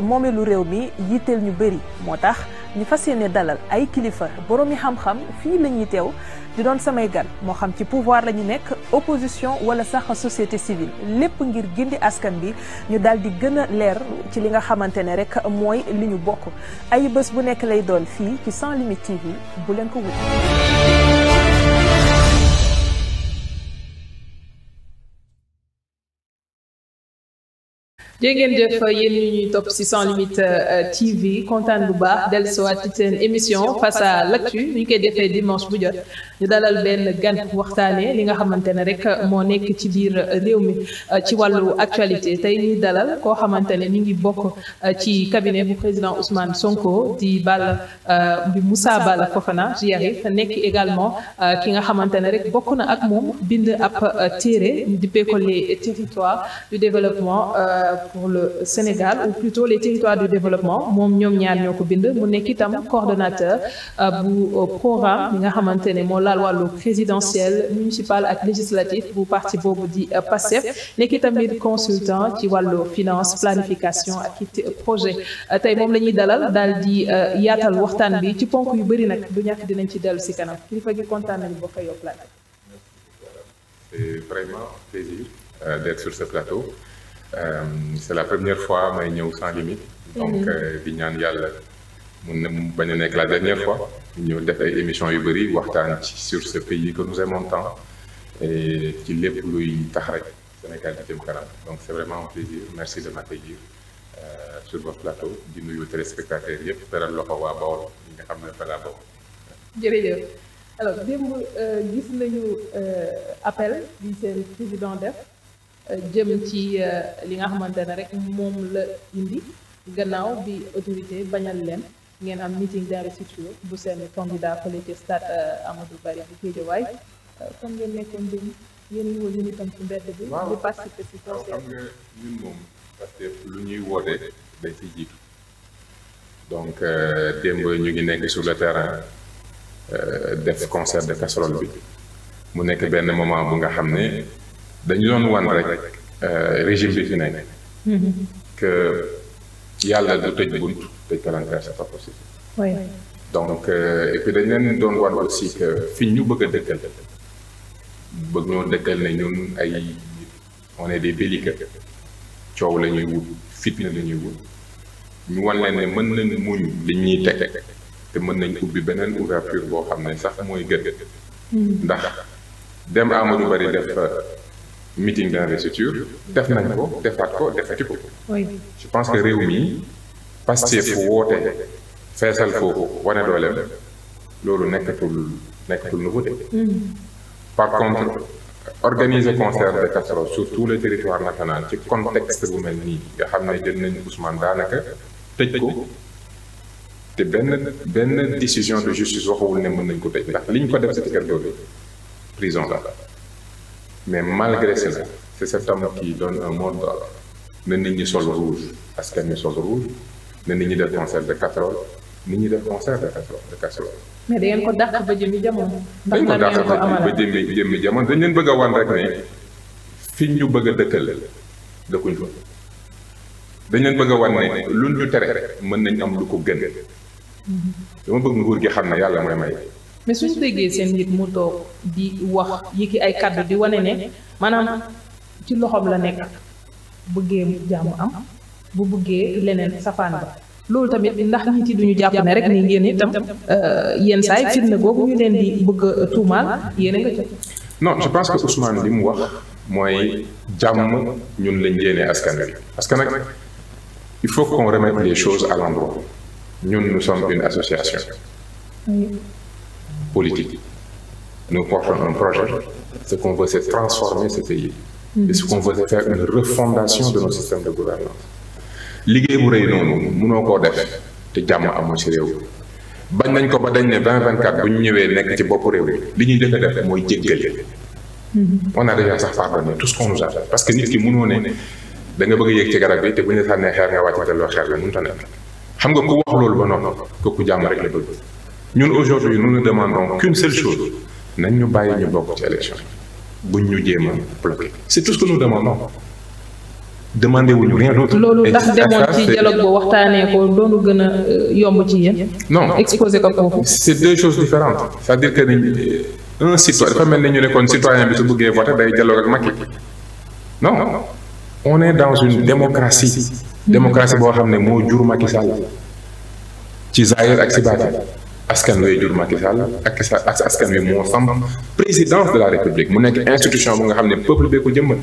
moomeelu réew mi yitteel ñu bëri moo tax ñu fas yéene dalal ay kilifa boroomi xam-xam fii la ñuy teew di doon samay gan moo xam ci pouvoir lañu nekk opposition wala sax société civile lépp ngir jëndi askan bi ñu daal di gën a leer ci li nga xamante ne rek mooy li ñu bokk ay bés bu nekk lay doon fii ci Sans Limites TV bu leen ko wut jërë ngeen jëf yéen yu ñuy topp ci sans limite euh, TV kontaan bu baax dellusiwaat ci seen émission face à l'actu ñu koy defee dimanche bu jot ñu dalal benn gan waxtaanee li nga xamante ne rek moo nekk ci biir euh, réew mi euh, ci wàllu actualité tey ñuy dalal koo xamante ne ñu ngi bokk ci cabinet bu président Ousmane Sonko di Balla bi Moussa Balla Fofana j'y arrive nekk également ki nga xamante ne rek bokk na ak moom bind ab téere ñu dippee ko les territoires du développement. pour le Sénégal ou plutôt les territoires du développement moom ñoom ñaar ñoo ko bind mu nekk itam coordonnateur euh, bu euh, programme bi nga xamante ne moo laal wàllu présidentiel municipal ak législatif bu parti boobu di euh, PASTEF nekk itam consultant ci wàllu finance planification ak projet tey moom la ñuy dalal daal di yaatal waxtaan bi ci ponk yu bëri nag du ñàkk dinañ ci dellu si kanam kilifa gi kontaan nañu boo koy yokkalaat. C'est vraiment un plaisir d'être sur Euh, c'est la première fois may ñëw sans limite. donc mhm. euh, di ñaan yàlla mun na bañ a nekk la dernière fois. ñu def ay émission yu bëri waxtaan ci sur ce pays que nous aimons tant ci lépp luy tax rek Sénégal di jëm kanam donc c'est vraiment un plaisir merci de m'accueillir euh, sur votre plateau di nuyu téléspectateurs yëpp beral loxo waa Bawol ñi nga xam ne fa laa bokk. jërëjëf alors démb gis nañu appel di seen président def. jëm ci euh, li nga xamante ne rek moom la indi gannaaw bi autorité bañal leen ngeen am meeting d'investiture bu seen candidat fële ci stade euh, Amadou Barry bu Guédiawaye kon euh, ngeen nekkoon dem yéen ñu woon ñu bi di participer ci concert xam nga ñun parce que lu ñuy woote dañ ci jiitu donc démb ñu ngi nekk sur le terrain def concert de casserole bi mu nekk benn moment bu nga xam ne dañu doon wan rek euh, régime bi fi nekk. Mm-hmm. que yàlla du tëj bunt tëj palanteer c'est pas possible. donc euh, et dañ leen doon wan aussi que fi ñu bëgg a dëkkal bëgg ñoo dëkkal ne ñun ay on est des coow la ñuy wut fitna la ñuy wut ñu wan leen mën nañ muñ li ñuy teg te mën nañ ubbi beneen ouverture boo xam ne sax mooy gën. Mm-hmm. ndax dem Amadou Bari def. meeting d'investiture def nañ ko defaat ko defati ko. je pense que réew mi Pastef fu woote feesal foofu wane dooleem loolu nekkatul nekkatul nouveauté. Hmm. par contre organiser concert de casserole sur tout le territoire national ci contexte bu mel nii nga xam ne jël nañ Ousmane daanaka tëj ko. te benn benn décision de justice waxuwul ne mën nañ ko tëj ndax li ñu ko def si kër doole prison la. mais malgré cela c'est cet homme qui donne un mot d'ordre na nit ñi sol rouge askan wi sol rouge na nit ñi def concert de casserole nit ñi def concert de casserole de casserole. mais da ngeen ko dàq ba jëmmi jamono. dañ ko dàq ba jëmmi jëmmi jamono dañ leen bëgg a wan rek ne fi ñu bëgg a dëkkale dëkkuñ fa. dañ leen bëgg a wan ne lu ñu tere mën nañ am lu ko gën. Mhm. dama bëgg nguur gi xam ne yàlla mooy may. mais suñu déggee seen nit mu toog di wax yiki ay kàddu di wane ne maanaam ci loxoom la nekk bëggee jàmm am bu bëggee leneen safaan ba loolu tamit ndax nit ci duñu jàpp ne rek ni ngeen itam euh, yenn saay fitna googu ñu leen di bëgg a tuumaal yéen a nga jot non je pense que Ousmane li mu wax mooy jàmm ñun lañ yéenee askan wi parce que nag il faut qu'on remette les choses à l'endroit ñun nous sommes une association politique. Nous portons un projet. Ce qu'on veut, c'est transformer ce pays. Et ce qu'on veut, c'est faire une refondation de nos systèmes de gouvernance. liggéey bu rëy noonu mënoo koo def te jàmm amul ci réew bañ nañ ko ba dañ ne 2024 bu ñu ñëwee nekk ci bopp réew li ñuy jëkk a def mooy jéggale. on a déjà sax pardonné tout ce qu'on nous parce que nit ki mënoo ne da bëgg a ci garab bi te bu ñu sànnee xeer nga wàcc delloo xeer la mënut a nekk xam ñun aujourd'hui nous ne demandons qu'une seule chose nañ ñu bàyyi ñu bokk ci élection buñ ñu jéem a bloqué c'est tout ce que nous demandons demandé wuñu rien loolu ndax demoon ci dialogue ba waxtaanee ko doonu gën a euh, yomb ci yéen. non exposé ko foofu. c'est deux choses différentes c'est-à-dire que ni euh, un citoyen dafa mel ni ne kon citoyen bi su bëggee voté day dialogue ak Macky non on est dans une démocratie. Hmm. démocratie boo xam ne moo jur Macky Sall ci zaahir ak ci askan wee jur Macky Sall ak askan wi moo samp présidence de la république mu nekk institution bu nga xam ne peuple bee ko jëmmal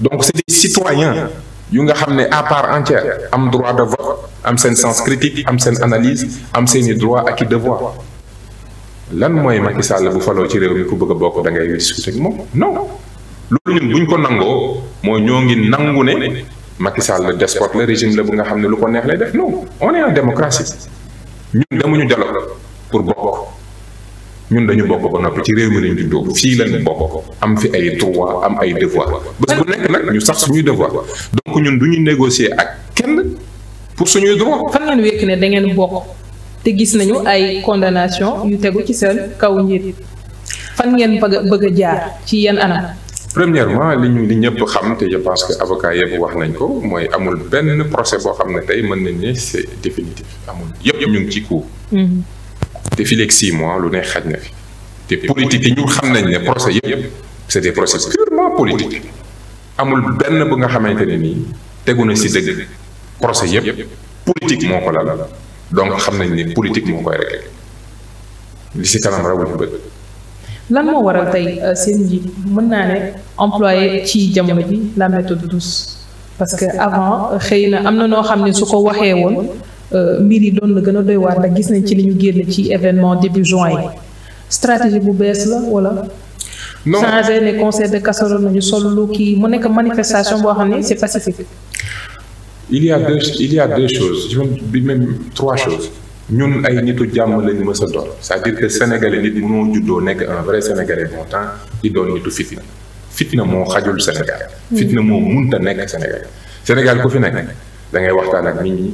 donc c'est des citoyens yu nga xam ne à part entière am droit de vote am seen sens critique am seen analyse am seeni droit ak i devoir lan mooy Macky Sall bu faloo ci réew mi ku bëgg a bokk da ngay discuter ak moom non loolu ñun buñ ko nangoo moo ñoo ngi nangu ne Macky Sall la régime la bu nga xam ne lu ko neex lay def non ñun demuñu dialogue pour bokk ñun dañu bokk ko noppi ci réew mi lañ juddoo fii lañ bokk am fi ay droit am ay devoir bés bu nekk nag ñu sax suñuy devoir donc ñun du ñu négocier ak kenn pour suñuy droit. fan ngeen wékk ne da ngeen bokk te gis nañu ay condamnation yu tegu ci seen kaw njiit fan ngeen bëgg bëgg a jaar ci yenn anam. premièrement li ñu li ñëpp xam te je pense que avocat yëpp wax nañ ko mooy amul benn procès boo xam ne tey mën nañ ne c' définitif amul yëpp ñu ngi ci cours. Mm-hmm. te fii léegi mois lu ne xaj na fi. te politique yi ñu xam nañ ne procès yëpp c' est amul benn bu nga xamante ne nii tegu na si dëgg procès yëpp politique moo ko lal donc xam nañ ni politique moo koy réglé li si kanam rawul bët. lan moo waral tey euh, seen ji mën naa ne employé ci jamono ji la méthode douce parce que avant xëy na am na noo xam ne su ko waxee woon euh, mbir yi doon la gën a doy waar ndax gis nañ ci li ñu génn ci événement début juin yi stratégie bu bees la wala. non changé ne concert de casserole nañu solo kii mu nekk manifestation boo xam ne c'est pacifique. il y deux il y deux choses même même trois choses. ñun ay nitu jàmm lañu mës a doon c'est-à-dire que sénégalais nit mënoo juddoo nekk un vrai sénégalais bon temps di doon nitu fitna fitna moo xajul Sénégal. fitna moo munta nekk Sénégal Sénégal ku fi nekk da ngay waxtaan ak nit ñi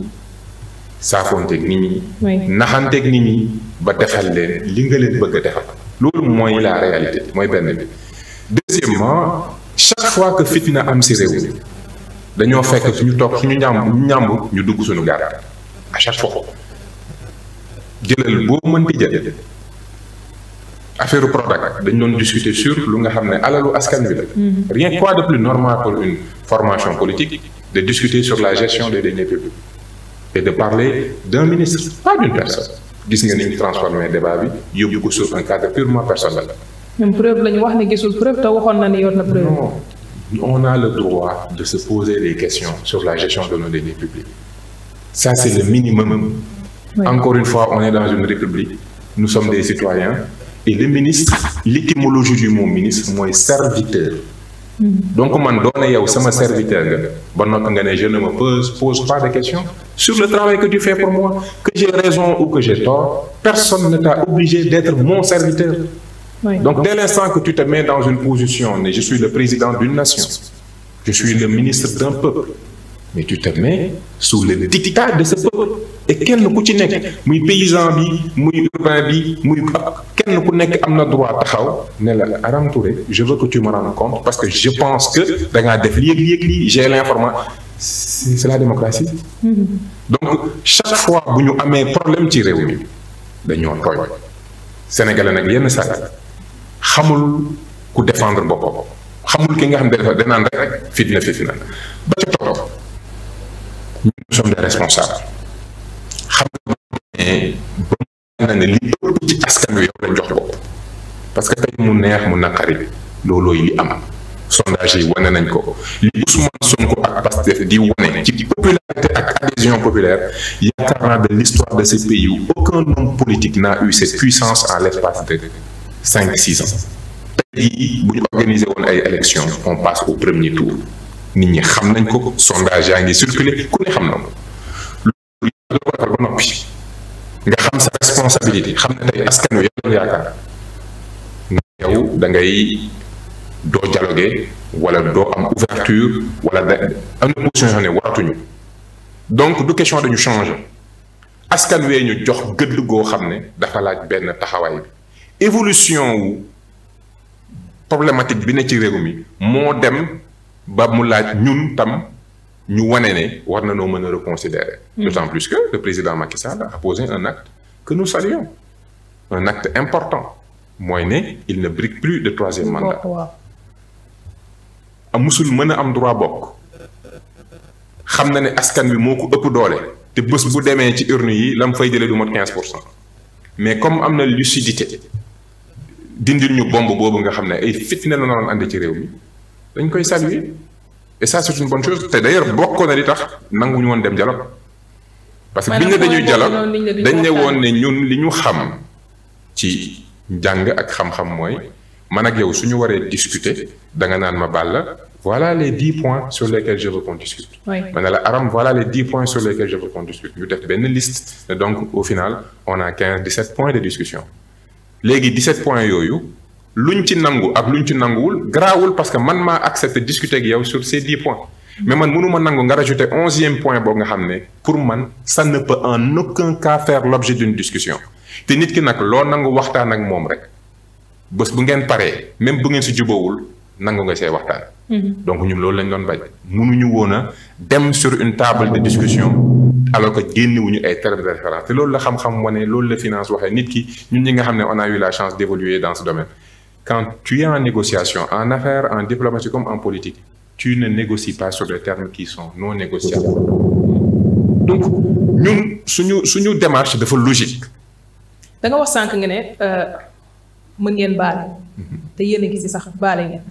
saafoonteeg nit ñi. naxanteeg nit ñi ba defal leen li nga leen bëgg a defal. loolu mooy la réalité mooy benn bi deuxièmement chaque fois que fitna am si réew dañoo fekk suñu toog suñu ñàmb ñàmb ñu dugg suñu gaar à chaque fois. jëlal boo mën di jël affaire Prodac dañ doon discuter sur lu nga xam ne alalu askan bi la. Mhm. rien quoi de plus normal pour une formation politique de discuter sur la gestion des deniers publics et de parler d'un ministre pas d'une personne gis nga ni ñu transformé débat bi yóbbu ko sur un cadre purement personnel. ñun preuve la wax ne gisul preuve te waxoon na ni yor na preuve. on a le droit de se poser des questions sur la gestion de nos deniers publics ça c'est Encore une fois, on est dans une république. Nous sommes des citoyens. Et le ministre, l'étymologie du mot ministre mooy serviteur. Mm-hmm. donc man doone yow sama serviteur nga ba noppi nga ne je ne me pose pose pas de questions sur le travail que tu fais pour moi que j'ai raison ou que j'ai tort personne ne t'a obligé d'être mon serviteur donc dès l'instant que tu te mets dans une position je suis le président d'une nation je suis le ministre d'un peuple mais et kenn ku ci nekk muy paysan bi muy urbain bi muy kenn ku nekk am na droit taxaw ne la Aram Touré je veux que tu compte parce que je pense que da ngaa def lii ak lii ak lii j'ai l'information c'est la démocratie mm-hmm. donc chaque fois bu ñu amee problème ci réew mi dañoo tooñ sénégalais nag yenn saa xamul ku défendre boppam xamul ki nga xam ne dafa danaan rek fitna fitna ba ca topp ñun nous sommes xam nga li ëpp ci askan wi yow lañ jox bopp parce que tey mu neex mu naqari loolooy li am sondage yi wane nañ ko li Ousmane Sonko ak Pastef di wane ci popularité ak adhésion populaire yaakaar naa de l'histoire de ce pays où aucun homme politique n'a eu cette puissance en l'espace de cinq six ans tey jii bu ñu organiser woon ay élections on passe au premier tour nit ñi xam nañ ko sondage yaa ngi circuler ku ne xam na ko lu la ko defal ba noppi nga xam sa responsabilité xam ne tey askan wi yow yaakaar na yow da dangay doo dialoguer wala doo am ouverture wala da am na waratuñu donc du question dañu changer askan wee ñu jox gëdd goo xam ne dafa laaj benn taxawaay bi évolution wu problématique bi ne ci réew mi moo dem ba mu laaj ñun tam ñu wane ne war na noo mën a reconsidérer. Hmm. d'autant plus que le président Macky Sall a posé un acte que nous saluons un acte important mooy ne il ne brigue plus de troisième mandat. a musul mën a am droit bokk. xam na ne askan bi moo ko ëpp doole te bés bu demee ci urne yi la mu fay jëlee du mot quinze pour cent mais comme am na lucidité dindil ñu bomb boobu nga xam ne ay fitna la naroon andi ci réew mi dañ koy saluer. et ça c'est une bonne chose te d'ailleurs bokkoon na li tax nanguñu woon dem dialogue parce que biñ ne dañuy dialogue dañ ne woon ne ñun li ñu xam ci njàng ak xam-xam mooy man ak yow suñu waree discuter da nga naan ma Balla voilà les dix points sur lesquels je veux qu'on ma ne la Aram voilà les dix points sur lesquels je veux qu'on discute ñu def benn liste donc au final on a quinze dix-sept points de discussion léegi dix-sept points yooyu lu luñ ci nangu ak lu ñu ci nanguwul garaawul parce que man maa accepté discuter ak yow sur ces dix mais man mënuma nangu nga rajouter onzième point boo nga xam ne pour man ça ne peut en aucun cas l'objet d'une discussion te nit ki nag loo nangu waxtaan ak moom rek bés bu ngeen paree même bu ngeen si jubóowul nangu nga see waxtaan. Mm-hmm. donc ñun loolu lañ doon bañ. mënuñu woon a dem sur une table de discussion alors que génnewuñu ay termes de référence te loolu xam-xam wane loolu la finance ki ñun ñi xam ne on a eu la chance d'évoluer quand tu es en négociation en affaires en diplomatie comme en politique tu ne négocies pas sur des termes qui sont non négociables donc ñun suñu suñu démarche dafa logique. da nga wax sànq nga ne euh, mën ngeen baale. Mhm. te yéen a ngi sax baale ngeen.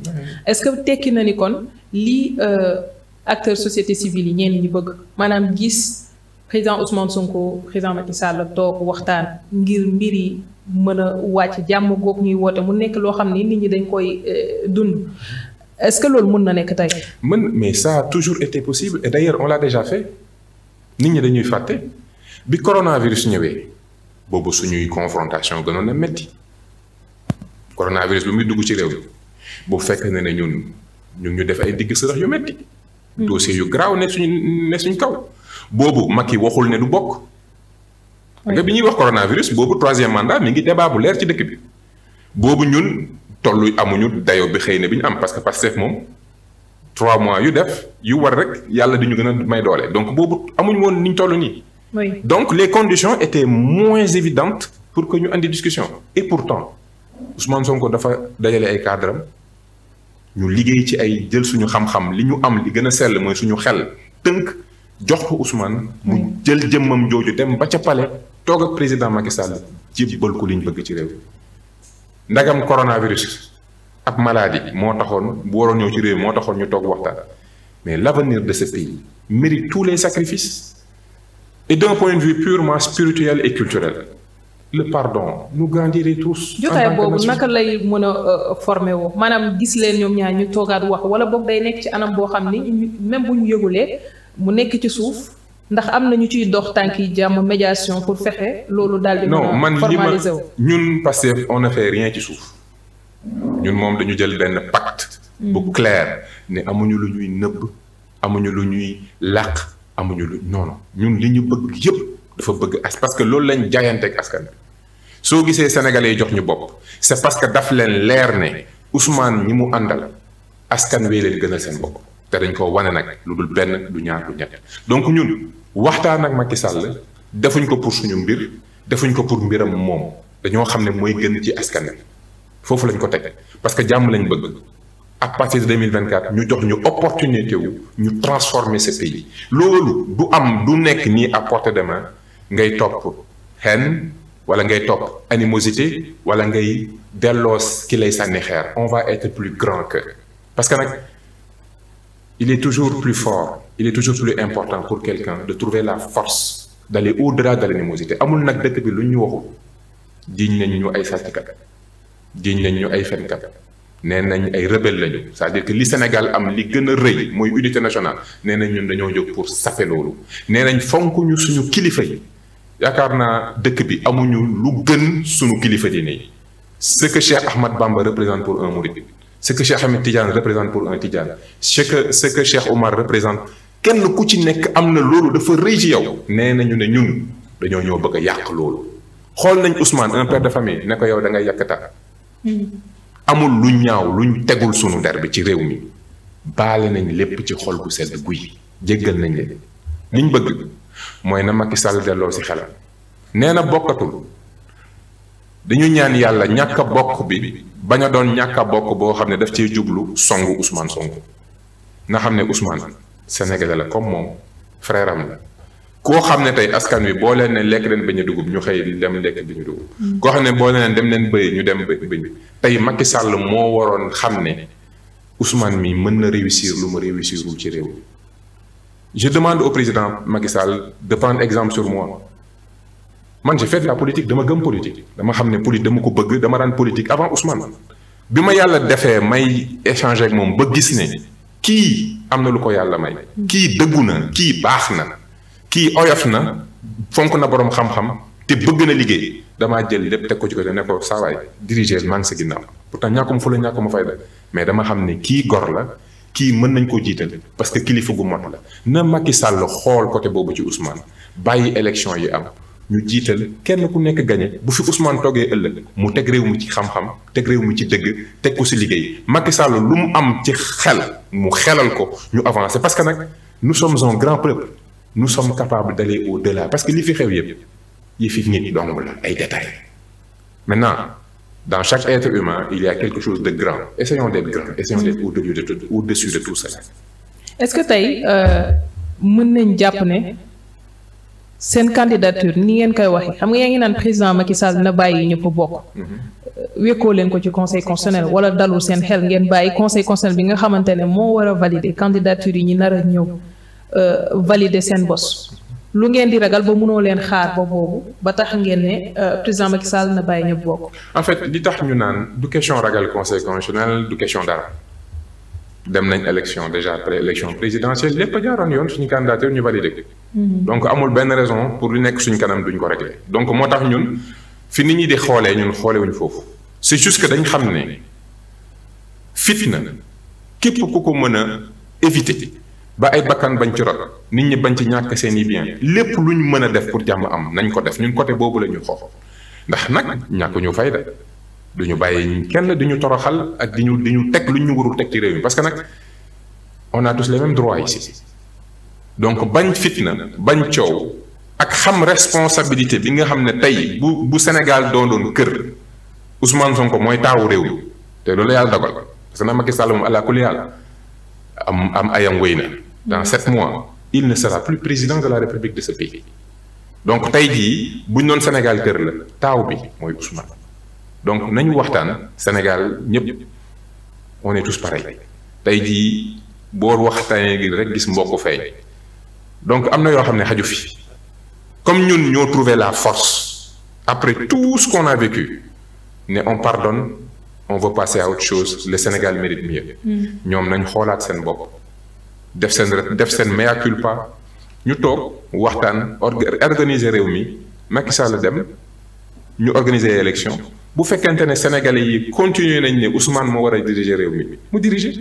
est-ce que tekki na ni kon lii euh, acteur société civile yi ñeen ñi bëgg maanaam gis président Ousmane Sonko président Macky Sall toog waxtaan ngir mbir yi. mën a wàcc jàmm goog ñuy woote mu nekk loo xam ni nit ñi dañ koy euh, dund est-ce que loolu mën na nekk tey. mën mais ça a toujours été possible et d'ailleurs on l'a déjà fait nit ñi dañuy fàtte bi coronavirus ñëwee boobu suñuy confrontation gënoon a metti coronavirus bi muy dugg ci réew mi bu fekk ne ne ñun ñu ñu def ay digg sërëx yu metti hmm. dossier yu garaaw ne suñu ne suñ kaw boobu Macky waxul ne du bokk. nga bi ñuy wax coronavirus boobu troisième mandat mi ngi débat bu leer ci dëkk bi boobu ñun tollu amuñu dayo bi xëy na bi ñu am parce que Pastef moom trois mois yu def yu war rek yàlla di ñu gën a may doole donc boobu amuñu woon ni ñu toll nii. donc les conditions étaient moins évidentes pour que ñu andi discussion. et pourtant Ousmane Sonko dafa dajale ay cadre ñu liggéey ci ay jël suñu xam-xam li ñu am li gën a sell mooy suñu xel tënk jox ko Ousmane. mu jël jëmmam jooju dem ba ca palais. toog ak président Macky Sall jébbal ko li ñu bëgg ci réew ndagam coronavirus ab maladie moo taxoon bu waroon ñëw ci réew moo taxoon ñu toog waxtaan mais l'avenir de ce pays mérite les sacrifices et d'un point de et culturel le pardon nous grandirait tous. jotaay boobu naka lay mën a euh, former woo maanaam gis leen ñoom ñaar ñu toogaat wax wala boog day nekk ci anam boo xam ni même bu ñu yëgulee mu nekk ci suuf. ndax am na ñu ciy dox tànk yi jàmm médiation pour fexe loolu daal di. non man li ma ñun Pastef on ne fait rien ci suuf ñun moom dañu jël benn pacte. bu hmm. clair ni amuñu lu ñuy nëbb amuñu lu ñuy làq amuñu lu non non ñun li ñu bëgg yëpp dafa bëgg as parce que loolu lañ jaayanteeg askan bi soo gisee sénégalais jox ñu bopp c'est parce que daf leen leer ne Ousmane ñi mu àndal askan wee leen gënal seen bopp. te dañ koo wane nag lu dul benn du ñaar du ñett donc ñun waxtaan ak Macky Sall defuñ ko pour suñu mbir defuñ ko pour mbiram moom dañoo xam ne mooy gën ci askan foofu lañ ko teg parce que jàmm lañ bëgg à partir de 2024 ñu jox ñu opportunité wu ñu transformer ce pays loolu du am du nekk nii à porté de ngay topp haine wala ngay topp animosité wala ngay delloos ki lay sànni xeer on va être plus grand que parce nag il est toujours plus fort il est toujours plus important pour quelqu'un de trouver la force d'aller au a de l'animosité amul nag dëkk bi lu ñu waxul jiiñ nañu ñu ay sàcckat jiiñ nañ ñu ay fenkat nee nañ ay rebelle lañu cest dire que li Sénégal am li gën a rëy mooy unité nationale nee nañ ñun dañoo jóg pour sape loolu nee nañ fonk ñu suñu kilifa yi yaakaar naa dëkk bi amuñu lu gën suñu kilifa diine yi ce que Cheikh Ahmad Bamba représente pour un mouride ce que Cheikh Ahmed Tidiane représente pour un Tidiane ce que ce que Cheikh kenn ku ci nekk am na loolu dafa rëy ci yow nee nañu ne ñun dañoo ñëw bëgg a yàq loolu xool nañ Ousmane un père de famille ne ko yow da ngay yàqata hmm. amul lu ñaaw luñ tegul sunu der bi ci réew mi baale nañ lépp ci xol bu sedd guy jéggal nañ leen liñ bëgg mooy na Macky Sall delloo si xelam nee na bokkatul dañu ñaan yàlla ñàkk bokk bi bañ a doon ñàkk a bokk boo xam ne daf cee jublu songu Ousmane Sonko na xam ne Ousmane Sénégalais la comme moom frère la koo xam ne tey askan wi boo leen lekk leen bañ a dugub ñu xëy dem lekk bi ñu dugub mm. koo xam ne boo leen dem leen bëy ñu dem bëñ tey Macky Sall moo waroon xam ne Ousmane mi mën na réussir lu mu réussirul ci réew je demande au président Macky Sall de exemple sur moi man j'ai fait de la politique dama gëm politique dama xam ne politique dama ko bëgg dama daan politique avant Ousmane bi ma yàlla defee may échanger moom ba gis ne kii am na lu ko yàlla may kii dëggu na kii baax na kii oyof na fonk na borom xam-xam te bëgg na liggéey damaa jël lépp teg ko ci ko ne ko saa waay dirigé maa ngi sa ginnaaw pourtant ñàkkum fu la ñàkkuma fayda mais dama xam ne kii gor la kii mën nañ koo jiital parce que kilifa gu mot la na Macky Sall xool côté boobu ci Ousmane bàyyi élection yi am ñu jiital kenn ku nekk gañe bu fi Ousmane toggee ëllëg mu teg réew mi ci xam-xam teg réew mi ci dëgg teg ku si liggéey Macky Sall lu mu am ci xel mu xelal ko ñu avancer parce que nag nous sommes un grand peuple nous sommes capables d'aller au la parce que li fi xew yëpp yi fi nit dong la ay détails maintenant dans chaque être humain il y a quelque chose de grand essayons d'être grand essayons de tout au-dessus de tout cela. est que tey euh, mën nañ jàpp ne. seen candidature ni ngeen koy waxee xam nga yaa ngi naan président Macky Sall na bàyyi ñëpp bokk. Mhm. wekkoo leen ko ci conseil constitutionnel wala dalul seen xel ngeen bàyyi conseil constitutionnel bi nga xamante ne moo war a valider candidature yi ñu nar a ñëw euh, valider seen bos. lu ngeen di ragal ba munoo leen xaar ba boobu ba tax ngeen ne euh, président Macky Sall na bàyyi ñëpp bokk. en fait li tax ñu naan du question ragal conseil constitutionnel du question dara. dem nañ élection déjà après élection présidentielle lépp a jaaroon yoon suñu candidature ñu valider. Mm-hmm. donc amul benn raison pour lu nekk suñ kanam duñ ko régler donc moo tax ñun fi nit ñi di xoolee ñun xoole wuñ foofu c'est juste que dañ xam ne na képp ku ko mën a éviter ba ay bakkan bañ ci rot nit ñi bañ ci ñàkk seen i bien lépp lu ñu mën a def pour jàmm am nañ ko def ñun côté boobu la ñuy xoox ndax nag ñàkk ñu fayda du ñu bàyyi kenn di ñu toroxal ak di ñu di ñu teg lu ñu warul teg ci réew mi parce que nag on a tous les mêmes droits ici. donc bañ fitna bañ coow ak xam responsabilité bi nga xam ne tey bu bu Sénégal doonoon kër Ousmane Sonko mooy taawu réew mi te loolu yàlla dogal parce que na Macky Sall moom allah kulli yàlla am am ayam wéy na dans sept mois il ne sera plus président de la république de ce pays donc tey jii bu ñu doon Sénégal kër la taaw bi mooy Ousmane donc nañu waxtaan Sénégal ñëpp on est tous pareils tey jii boo waxtaanee gi rek gis mbokk feeñ. donc am na yoo xam ne xaju fi comme ñun ñoo trouver la force après tout ce qu'on a vécu ne on pardonne on veut passer à autre chose le Sénégal mérite mieux. Mm. ñoom nañ xoolaat seen bopp def seen def seen mea culpa ñu toog waxtaan organiser réew mi Macky Sall dem ñu organiser élection bu fekkente ne Sénégalais yi continuer nañ ne Ousmane moo war a diriger réew mi mu diriger.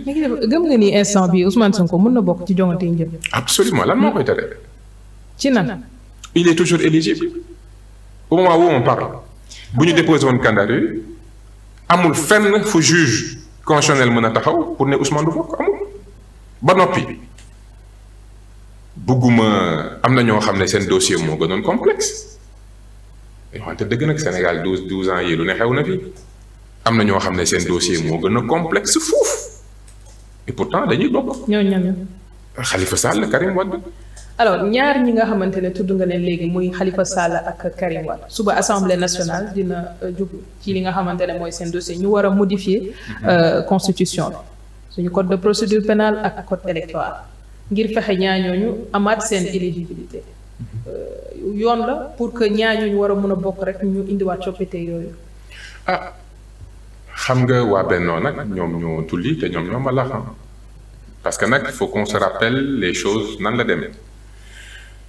gëm nga ni instant bi Ousmane Sonko mën na bokk ci joŋante yi absolument lan moo koy tere. ci nan. il est toujours éligible au moment où on parle bu ñu déposé woon candidature amul fenn fu juge constitutionnel mën a taxaw pour ne Ousmane du bokk amul ba noppi bëgguma am na ñoo xam ne seen dossier moo gënoon complexe. dañu xamante dëgg nag Sénégal douze douze ans yi lu ne xew na fi am na ñoo xam ne seen dossier moo gën a complexe foofu et pourtant dañuy bokk. ñooñu ñooñu. Khalifa Sall Karim Wade. alors ñaar ñi nga xamante ne tudd nga leen léegi muy xalifa Sall ak Karim Wade suba assemblée nationale dina euh, jub ci li nga xamante ne mooy seen dossier ñu war a modifier mhm. euh, constitution bi suñu code de procédure pénale ak code électoral ngir fexe ñaa ñooñu amaat seen éligibilité. Euh, yoon la pour que ñaar ñu war a mën a bokk rek ñu indiwaat coppite yooyu. ah xam nga waa Bennoo nag ñoom ñoo tulli te ñoom ñoo ma xam ah. parce que nag foo faut qu'on se rappelle les choses nan la demee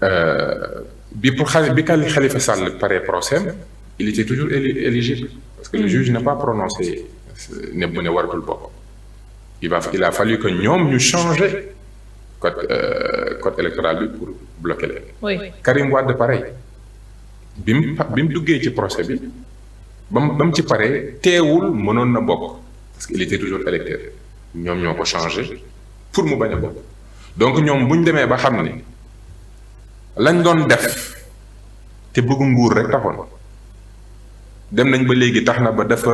euh, bi pour xa bi kàll Khalifa Sall pare procès il était toujours éligible parce que le juge n'a pas prononcé ne bu ne waratul bokk il va il a fallu que ñoom ñu changer euh, code électoral bi pour bloquer leen. oui Karim Wade pareil bi mu bi mu duggee ci procès bi ba mu ba mu ci pare teewul mënoon na bokk parce qu'il était toujours électeur ñoom ñoo ko changé pour mu bañ a bokk donc ñoom buñ demee ba xam ne lañ doon def te bëgg nguur rek taxoon dem nañ ba léegi tax na ba dafa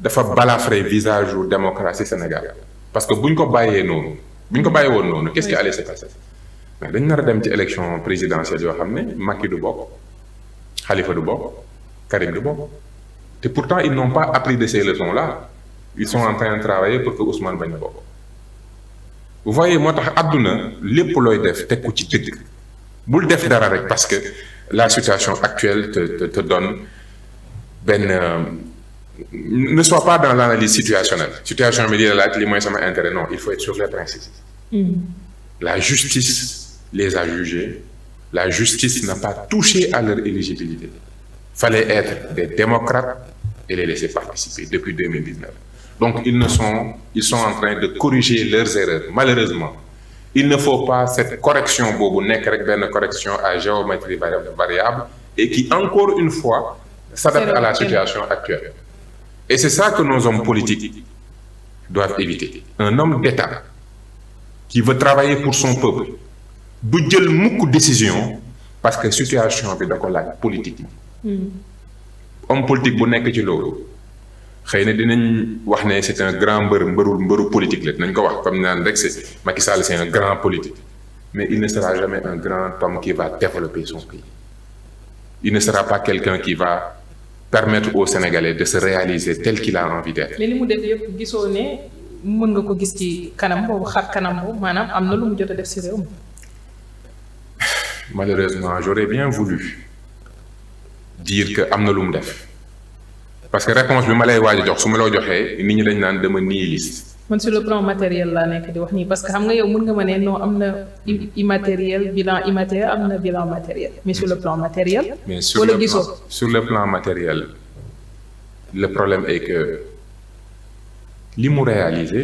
dafa balafré visage u démocratie Sénégal parce que bu ñu ko bàyyee noonu bu ko bàyyee woon noonu qu'est-ce qui allait se passer mais dañ nar a dem ci élection présidentielle yoo xam ne Macky du bokk Khalifa du bokk Karim du bokk te pourtant ils n'ont pas appris de ces leçons là ils sont en train de travailler pour que Ousmane bañ a bokk voyez moo tax àdduna lépp looy def teg ko ci dëgg bul def dara rek parce que la situation actuelle te te, te donne benn euh, ne sois pas dans l'analyse situationnelle situation bi di la laaj li mooy sama intérêt non il faut être sur les principes mm-hmm. la justice les a La justice n'a pas touché à leur éligibilité. Fallait être des démocrates et les laisser participer depuis 2019. Donc ils sont en train de corriger leurs erreurs malheureusement. Il ne faut pas cette correction boobu nekk rek benn correction à géométrie variable et qui encore une fois s'adapte à la situation actuelle. Et c'est ça que nos hommes politiques doivent éviter. Un homme d'État qui veut travailler pour son peuple du jël mukk décision parce que situation bi da ko laaj politique yi. Hmm. homme politique bu nekk ci loolu. xëy na dinañ wax ne c'est un grand mbër mbëru mbëru politique la dinañ ko wax comme naan rek c'est Macky Sall c'est un grand politique mais il ne sera jamais un grand homme qui va développer son pays il ne sera pas quelqu'un qui va permettre aux Sénégalais de se réaliser tel qu'il a envie mais li mu def yëpp gisoo ne mën nga ko gis ci kanam boobu xar kanam boobu maanaam am na lu mu jot a malheureusement j'aurais bien voulu dire que am na lu mu def parce que réponse bi ma lay waaj jox su ma la joxee nit ñu dañ naan dama nihiliste man sur le plan matériel laa nekk di wax nii parce que xam nga yow mën nga ma ne non am na immatériel bilan immatériel am na bilan matériel mais sur le plan matériel. mais sur le plan le plan matériel le problème est que li mu réalisé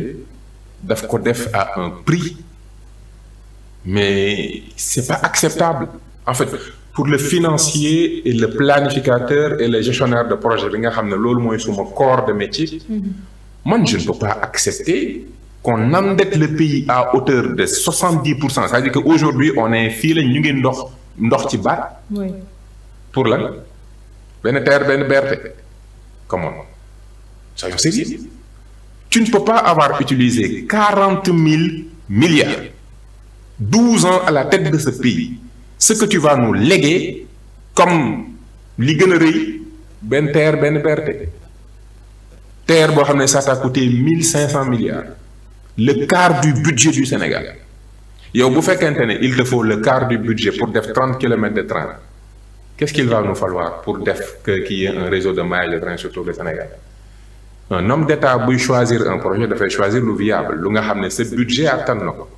daf ko def à un prix. mais c'est pas acceptable en fait pour le financier et le planificateur et le gestionnaire de projet bi nga xam ne loolu mooy suma corps de métier man je ne peux pas accepter qu'on endette le pays à hauteur de soixante dix pour cent c'est-à-dire que aujourd'hui on est fii lañ ñu ngi ndox ndox ci baat pour lan benn terre benn berte come on soyons sérieux tu ne peux pas avoir utilisé quarante mille milliards 12 ans à la tête de ce pays ce que tu vas nous léguer comme li gën a rëy benn terre benn perte terre boo xam ne ça t'a coûté 1500 milliards le quart du budget du Sénégal yow bu fekkente ne il te faut le quart du budget pour def 30 kilomètres de train qu'est-ce qu'il va nous falloir pour def que qu'il y ait un réseau de mailles de train sur tout le Sénégal un homme d'État buy choisir un projet dafay choisir lu viable lu nga xam ne ce budget attan na ko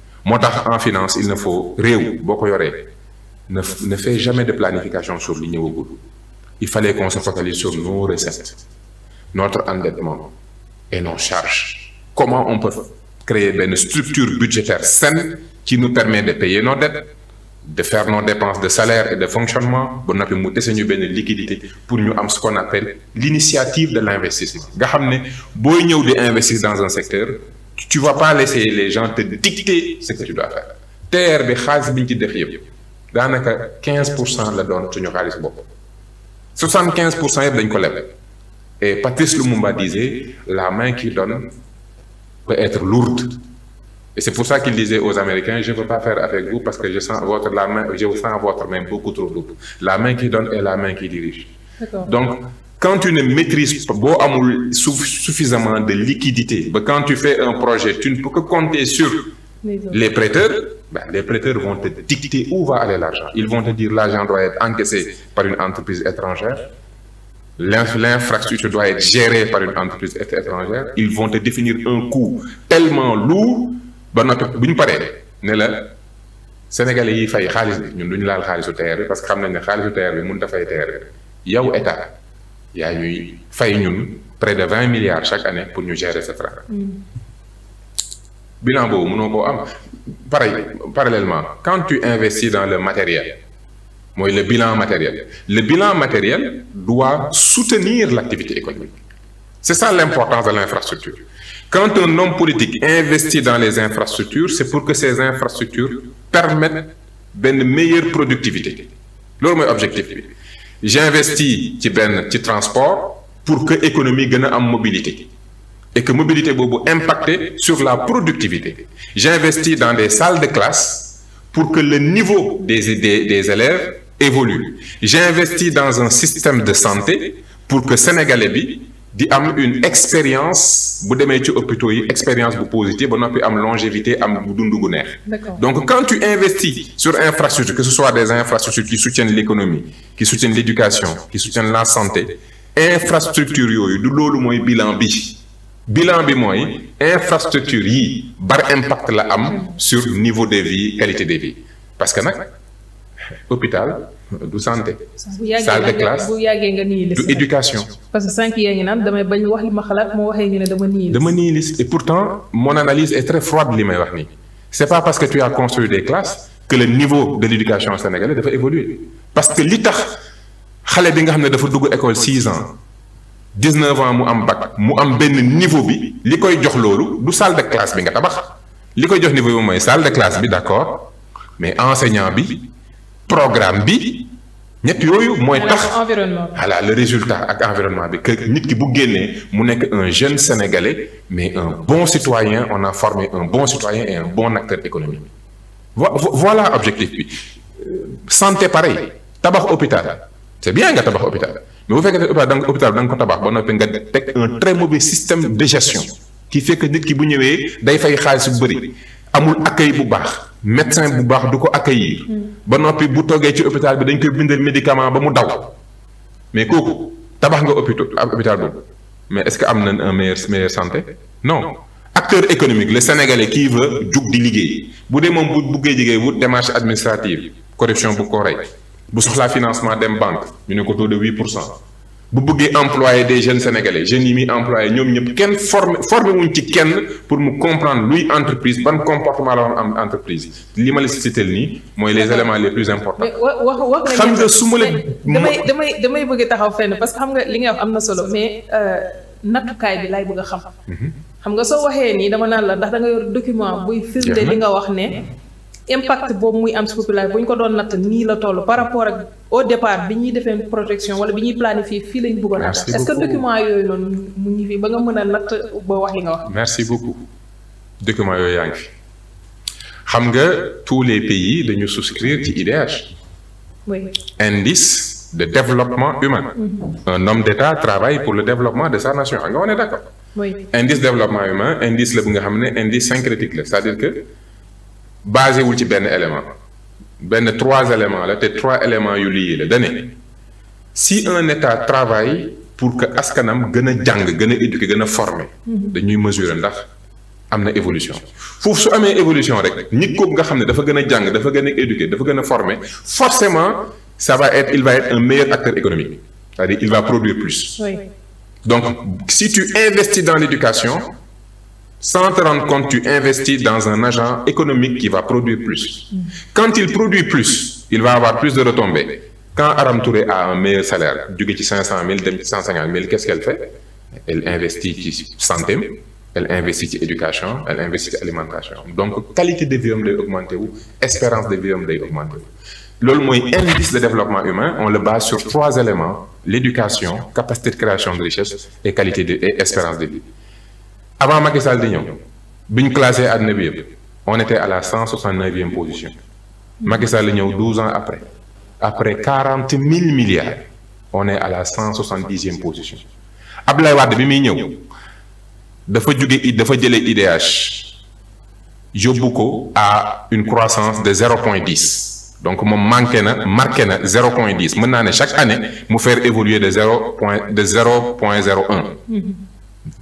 moo tax en finance il ne faut réew boo ko yoree ne ne fait jamais de planification sur li ñëwagul il fallait qu'on se focalise sur nos recettes notre endettement et nos charges comment on peut créer benn structure budgétaire saine qui nous permet de payer nos dettes de faire nos dépenses de salaire et de fonctionnement ba noppi mu dese ñu benn liquidité pour ñu am ce qu'on appelle l'initiative de l'investissement nga xam ne booy ñëw di investir dans un secteur tu vas pas les gens te dicter ce que tu bi ñu ci def yëpp daanaka 15 pour cent la doon suñu xaalis bopp 75 pour cent dañ ko leb et Patrice Lumumba la main qui donne peut être lourde et c'est pour ça qu'il parce que je sens la main je sens votre la main qui donne et la main qui dirige. D'accord. quand tu ne maîtrises boo amul suffisamment de liquidité ba quand tu fais un projet tu ne peux que compter sur les prêteurs ben les prêteurs vont te dicter où va aller l'argent ils vont te dire l'argent doit être encaissé par une entreprise étrangère l'infrastructure doit être gérée par une entreprise étrangère ils vont te définir un coût tellement lourd ba noppi bu ñu paree ne la sénégalais yi fay xaalis bi ñun du ñu laal xaalisu terre parce que xam nañ ne xaalisu terre bi mënut a fay terre bi ya ñuy fay ñun près de vingt milliards chaque année pour ñu gérer ce train. Mm. bilan boobu mënoo koo am pareil parallèlement quand tu investis dans le matériel mooy le bilan matériel le bilan matériel doit soutenir l'activité économique c'est ça l'importance de l'infrastructure quand un homme politique investit dans les infrastructures c'est pour que ces infrastructures permettent benn meilleure productivité loolu mooy objectif bi j'investis ci benn ci transport pour que économie gën a am mobilité et que mobilité boobu impacté sur la productivité j'investis dans des salles de classe pour que le niveau des des, des élèves évolue j'investis dans un système de santé pour que sénégalais bi di am une expérience bu demee ci hôpitaux yi expérience bu positive ba noppi am longévité am bu dund gu neex. donc quand tu investis sur infrastructure que ce soit des infrastructures qui soutiennent l'économie qui soutiennent l'éducation qui soutiennent la santé infrastructure yooyu du loolu mooy bilan bi bilan bi mooy infrastructure yi bar impact la am sur niveau de vie qualité de vie parce que nag. hôpital du santé. salle de classe bu yàggee nga nii du éducation. parce que cinq yaa ngi naan damay bañ wax li ma xalaat moo waxee ñu ne dama nihiliste. dama nihiliste et pourtant mon analyse est très froide li may wax nii c'est pas parce que tu as construit des classes que le niveau de l'éducation sénégalaise dafa évoluer parce que li tax xale bi nga xam ne dafa dugg école six ans. 19 ans mu am bac mu am benn niveau bi li koy jox loolu du salle de classe bi nga tabax li koy jox niveau mooy salle de classe bi d'accord mais enseignant programme bi ñett yooyu mooy tax voilà le résultat ak environnement bi kër nit ki bu génnee mu nekk un jeune sénégalais mais un bon citoyen on a formé un bon citoyen et un bon acteur économique voilà objectif bi euh, santé pareil tabax hôpital c'est bien nga tabax hôpital mais bu fekkee ne hôpital da nga hôpital ko tabax ba noppi nga teg un très mauvais système de gestion qui fait nit ki bu ñëwee day fay xaalis bu bëri amul accueil bu baax médecin bu baax du ko accueillir hmm. ba noppi bu toggee ci hôpital bi dañ koy bindal médicament ba mu daw mais kooku tabax nga hôpital boobu mais est-ce que am nañ un meilleur meilleure santé non acteur économique le sénégalais qui veut jug di liggéey bu dee moom bu buggee jigéen wut démarche administrative corruption bu ko rey bu soxlaa financement dem banque ñu ne ko taux de huit pour cent bu bëggee employé des jeunes sénégalais jeunes yi muy employé ñoom ñëpp kenn formé formé wuñ ci kenn pour mu comprendre luy entreprise ban comportement la war am entreprise li ma la cité nii mooy les éléments les plus importants. wax xam nga su ma la. damay damay damay bëgg taxaw fenn parce que xam nga li nga wax am na solo mais euh, nattukaay bi laay bëgg a xam. Mhm. xam nga soo waxee nii dama naan la ndax da nga yor document buy firnde li nga wax ne. impact boobu muy am si population bu ñu ko doon natt nii la toll par rapport ak au départ bi ñuy defee protection wala bi ñuy planifier fii lañ bëggoon a est-ce que document ba nga mën a natt ba wax li nga wax. merci beaucoup document yooyu yaa ngi fi xam nga tous les pays dañu souscrire ci IDH. oui indice de développement humain. Mm -hmm. un homme d'État travaille pour le développement de sa nation xam nga on d'accord. indice développement humain indice la bu nga xam ne indice syncrétique la c'est-à-dire que. basé wul ci benn élément benn trois éléments la te trois éléments yu lii la dane si un état travaille pour que askanam gën a jàng gën a éduquer gën a former mhm. dañuy mesurer ndax am na évolution foofu su amee évolution rek nit kooku nga xam ne dafa gën a jàng dafa gën a éduquer dafa gën a former forcément ça va être il va être un meilleur acteur économique c'est-à-dire il va produire plus donc si tu investis dans l'éducation sans te rendre compte, tu investis dans un agent économique qui va produire plus. Quand il produit plus, il va avoir plus de retombées. Quand Aram Touré a un meilleur salaire, ci 500 000 dem ci 150 000, qu'est-ce qu'elle fait? Elle investit ci santé, elle investit ci éducation, elle investit ci alimentation. Donc qualité de vie am wu, espérance de vie am day augmenter loolu mooy indice de développement humain on le base sur trois éléments l'éducation, capacité de création de richesse et qualité avant Macky Sall di ñëw bi ñu classé on était à la cent soixante neuvième position Macky Sall di ñëw douze ans après après quarante mille milliards on est à la cent soixante dixième position Abdoulaye Wade bi muy ñëw dafa jóge dafa jëlee IDH. yóbbu ko à une croissance de zéro point donc moom manqué na marqué na zéro point dix mën naa ne chaque année mu faire évoluer de zéro point de zéro point zéro un mm-hmm.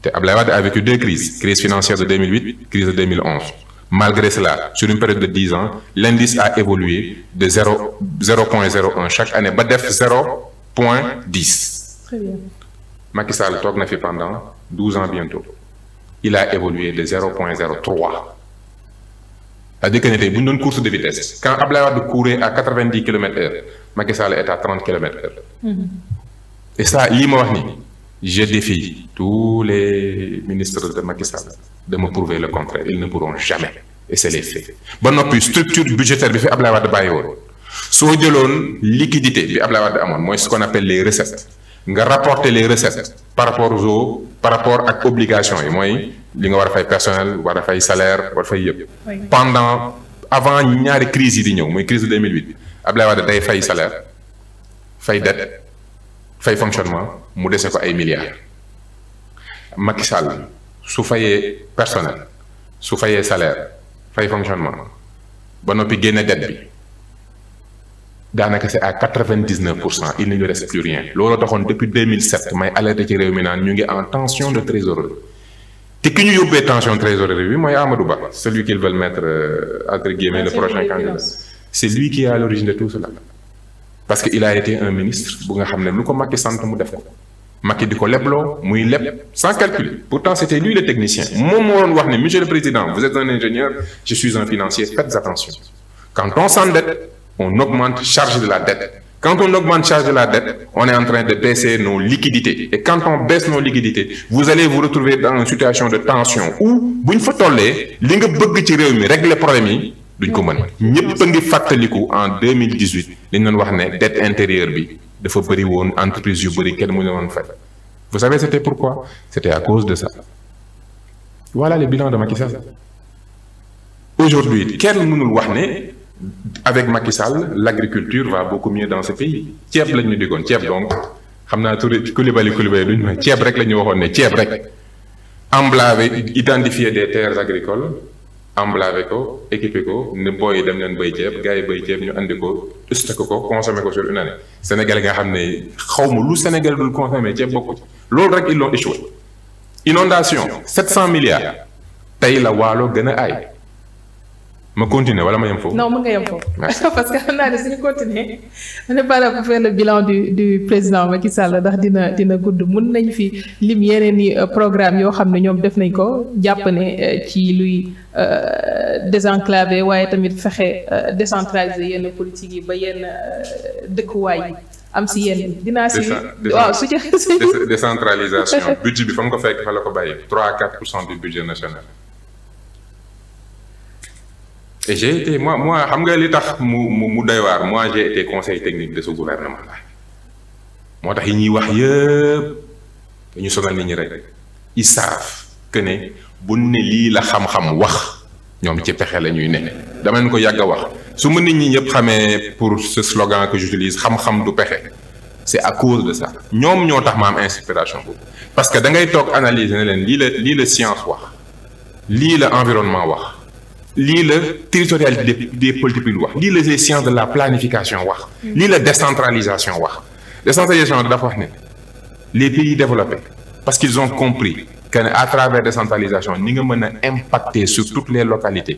te Abdoulaye Wade a vécu deux crises crise financière de 2008 crise de 2011 malgré cela sur une période de dix ans l'indice a évolué de zéro zéro point zéro un chaque année ba def zéro point dix. toog na fi pendant douze ans bientôt il a évolué de zéro point zéro trois. c'est-à-dire que ne tey bu ñu doon course de vitesse quand Abdoulaye Wade courait à quatre-vingt-dix kilomètres heure Macky est à kilomètres heure. Mm-hmm. et ça lii ma wax Je défie tous les ministres de Macky Sall de me prouver le contraire ils ne pourront jamais et c'est les faits ba noppi structure budgétaire bi fi Ablaye Wade bàyyi woon soo jëloon liquidité bi Ablaye Wade amoon mooy ce qu'on appelle les recettes nga rapporter les recettes par rapport aux par rapport ak obligation yi mooy li nga war a fay personnel war a fay salaire war a fay yëpp. pendant avant ñaari crise yi di ñëw mooy crise de 2008 Ablaye Wade day fay fay dette. fay fonctionnement mu dese ko ay milliards Macky Sall su fayee personnel su fayee salaire fay fonctionnement ba noppi génne dette bi daanaka c'est à quatre-vingt-dix-neuf pour cent il ne lui reste plus rien looloo taxoon depuis may alerté ci réew mi naan ñu ngi en tension de trésorerie te ki ñu yóbbee tension trésorerie bi mooy Amadou Ba celui qu'ils veulent mettre euh, entre guillemets le prochain candidat c'est qui est à l'origine de tout cela parce que il a été un ministre bu nga xam ne lu ko Macky sant mu def ko Macky di ko lebloo muy leb sans calculer pourtant c' était lui le technicien moom moo doon wax ne monsieur le président vous êtes un ingénieur je suis un financier faites attention quand on s'endette on augmente charge de la dette quand on augmente charge de la dette on est en train de baisser nos liquidités et quand on baisse nos liquidités vous allez vous retrouver dans une nga bëgg ci réew mi régler problème yi duñ ko mën ñëpp a ngi fàttaliku en deux mille dix huit li ñu wax ne dette intérieure bi dafa bëri woon entreprise yu bëri kenn mu ne woon fay vous savez c' était pourquoi c' était à cause de ça voilà le bilan de Macky Sall aujourd'hui kenn mënul wax ne avec Macky Sall l' agriculture va beaucoup mieux dans pays ceeb lañ ñu digoon ceeb donc xam naa turi Coulibaly Coulibaly duñ ma ceeb rek la ñu waxoon ne ceeb rek emblavé identifier des terres agricoles emblavé ko équipé ko ne booy yi dem leen bay ceeb gars yi bay ceeb ñu andi ko stocké ko consommé ko sur une année Sénégal nga xam ne xaw ma lu Sénégal dul consommé ceeb bokku loolu rek ils l'ont échoué inondation cent milliards tey la waalo gën a aay ma continuer wala ma yem foofu. non mën nga yem foofu. parce que xam naa ne suñu continuer on est pas là bilan du du président Macky Sall ndax dina dina gudd mun nañ fi lim yeneen i euh, programme yoo xam ne ñoom def nañ ko jàpp ne euh, ci luy euh, désenclaver waaye tamit fexe décentraliser yenn politique yi ba yenn dëkkuwaay yi am si yenn dinaa si. waaw su ca décentralisation budget bi fa mu ko fekk fa la ko bàyyi. 3 à 4 pour cent du budget national. et j'ai été moi xam nga li tax mu mu mu doy waar moi j'ai été conseil technique de ce gouvernement là moo tax yi ñuy wax yëpp dañu sonal nit ñi rek ils savent que ne bu ne lii la xam-xam wax ñoom ci pexe la ñuy ne dama leen ko yàgg a wax su ma nit ñi ñëpp xamee pour ce slogan que j'utilise xam-xam du pexe c'est à cause de ça ñoom ñoo tax ma am inspiration boobu parce que da ngay toog analyser ne leen lii la lii la science wax lii la environnement wax lii la territorialité des politiques publiques wax lii la les sciences de la planification wax lii la décentralisation wax décentralisation dafa wax ne les pays développés parce qu'ils ont compris que à travers décentralisation ni nga mën a impacter sur toutes les localités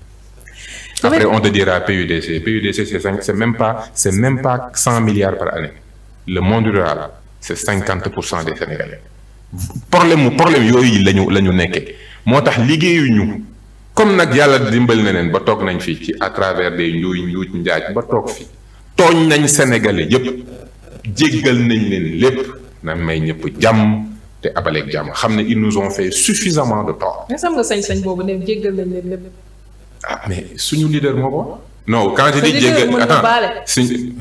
Après, on te dira PUDC. PUDC, c'est même pas, c'est même pas milliards par année. Le monde rural, cinquante pour des Sénégalais. problème mu problème yooyu lañu la ñu nekkee moo tax liggéeyuñu comme nag yàlla dimbali na leen ba toog nañ fii ci à travers des njuuj njuuj njaaj ba toog fi tooñ nañ Sénégalais yépp jéggal nañ leen lépp na may ñëpp jàmm te abaleeg jàmm xam ne ils nous ont fait suffisamment de tort. mais sam nga sañ-sañ boobu ne jéggal nañ leen lépp. ah mais suñu leader moo ko. di quand je dis jégal attends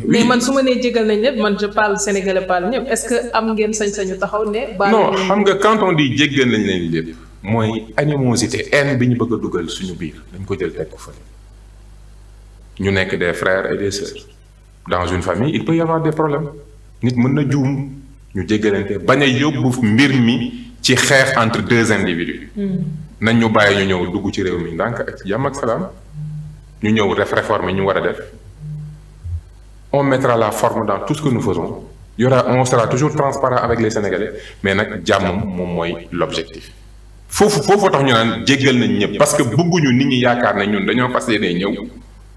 mais man su ma nee jégal nañ lépp man je parle sénégalais parle ñëpp est-ce que am ngeen sañ-sañu taxaw ne. baal non xam nga quand on dit jégal nañ leen lépp. mooy animosité haine bi ñu bëgg a dugal suñu biir dañ ko jël teg ko fële. ñu nekk des frères et des sœurs dans une famille il peut y avoir des problèmes nit mën na juum ñu jégalante bañ a yóbbu mbir mi ci xeex entre deux individus. Hmm. nañ ñu bàyyi ñu ñëw dugg ci réew mi ndànk ak ci jàmm ak salaam ñu ñëw def réforme ñu war a def on mettra la forme dans tout ce que nous faisons y aura on sera toujours transparent avec les Sénégalais mais nag jàmm moom mooy l'objectif foofu foofu tax ñu naan jéggal nañ ñëpp parce que bëgguñu nit ñi yaakaar ne ñun dañoo fas yéene ñëw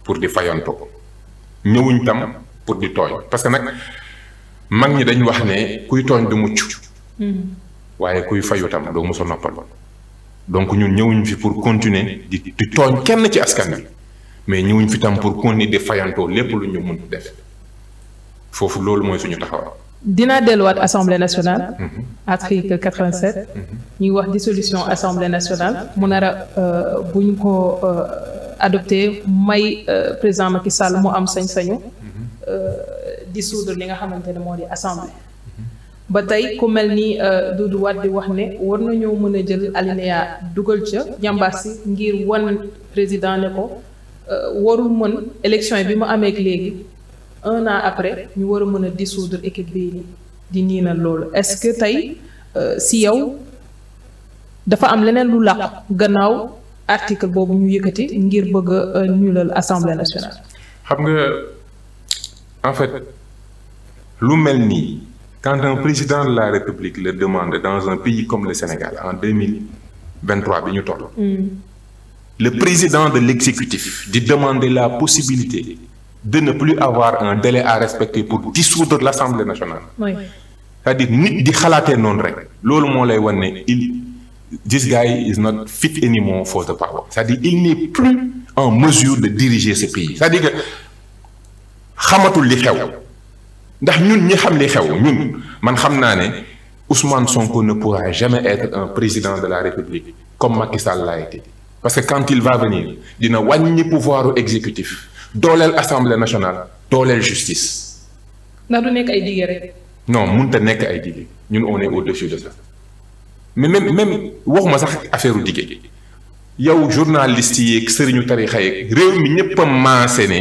pour di fayonto ñëwuñ tam pour di tooñ parce que nag mag ñi dañ wax ne kuy tooñ di mucc hmm. waaye kuy fayu tam doo mos a noppal donc ñun ñëwuñu fi pour continuer di di tooñ kenn ci askan wi mais ñëwuñ fi tam pour continuer di fayantoo lépp lu ñu mun def foofu loolu mooy suñu taxawaay. dinaa delluwaat assemblée nationale. Mhm. article 87. ñuy wax dissolution assemblée nationale mu nar a euh, bu ñu ko euh, adopté may euh, président Macky Sall mu am sañ-sañu. Mhm. dissoudre li nga xamante ne moo di assemblée. ba tey ku mel ni euh, Doudou Wade di wax ne war nañoo mën a jël alinéa dugal ca njàmbaar si ngir wan président ne ko euh, warul mën élection yi bi mu amee léegi un an après ñu war a mën a dissoudre équipe bi di nii loolu est-ce que tey euh, si yow dafa am leneen lu làqu gannaaw article boobu ñu yëkkati ngir bëgg a ñuulal assemblée nationale. xam nga en fait lu mel nii. quand un président de la République le demande dans un pays comme le Sénégal en 2023 bi ñu toll mm. le président de l'exécutif di demander la possibilité de ne plus avoir un délai à respecter pour dissoudre l'Assemblée nationale oui. c'est-à-dire nit di xalaate noonu rek loolu moo lay wan ne il this guy is not fit anymore for the power c'est-à-dire il n'est plus en mesure de diriger ce pays c'est-à-dire que xamatul li xew ndax ñun ñi xam li xew ñun man xam naa ne Ousmane Sonko ne pourra jamais être un président de la République comme Macky Sall l'a parce que quand il va venir dina wàññi pouvoir exécutif dooleel assemblée nationale dooleel justice. na du nekk ay dige rek. non mënut a nekk ay dige ñun on est au-dessus de ça mais même même waxuma sax affaire u dige yow journaliste yeeg sëriñu tarixa yeeg réew mi ñëpp a maase ne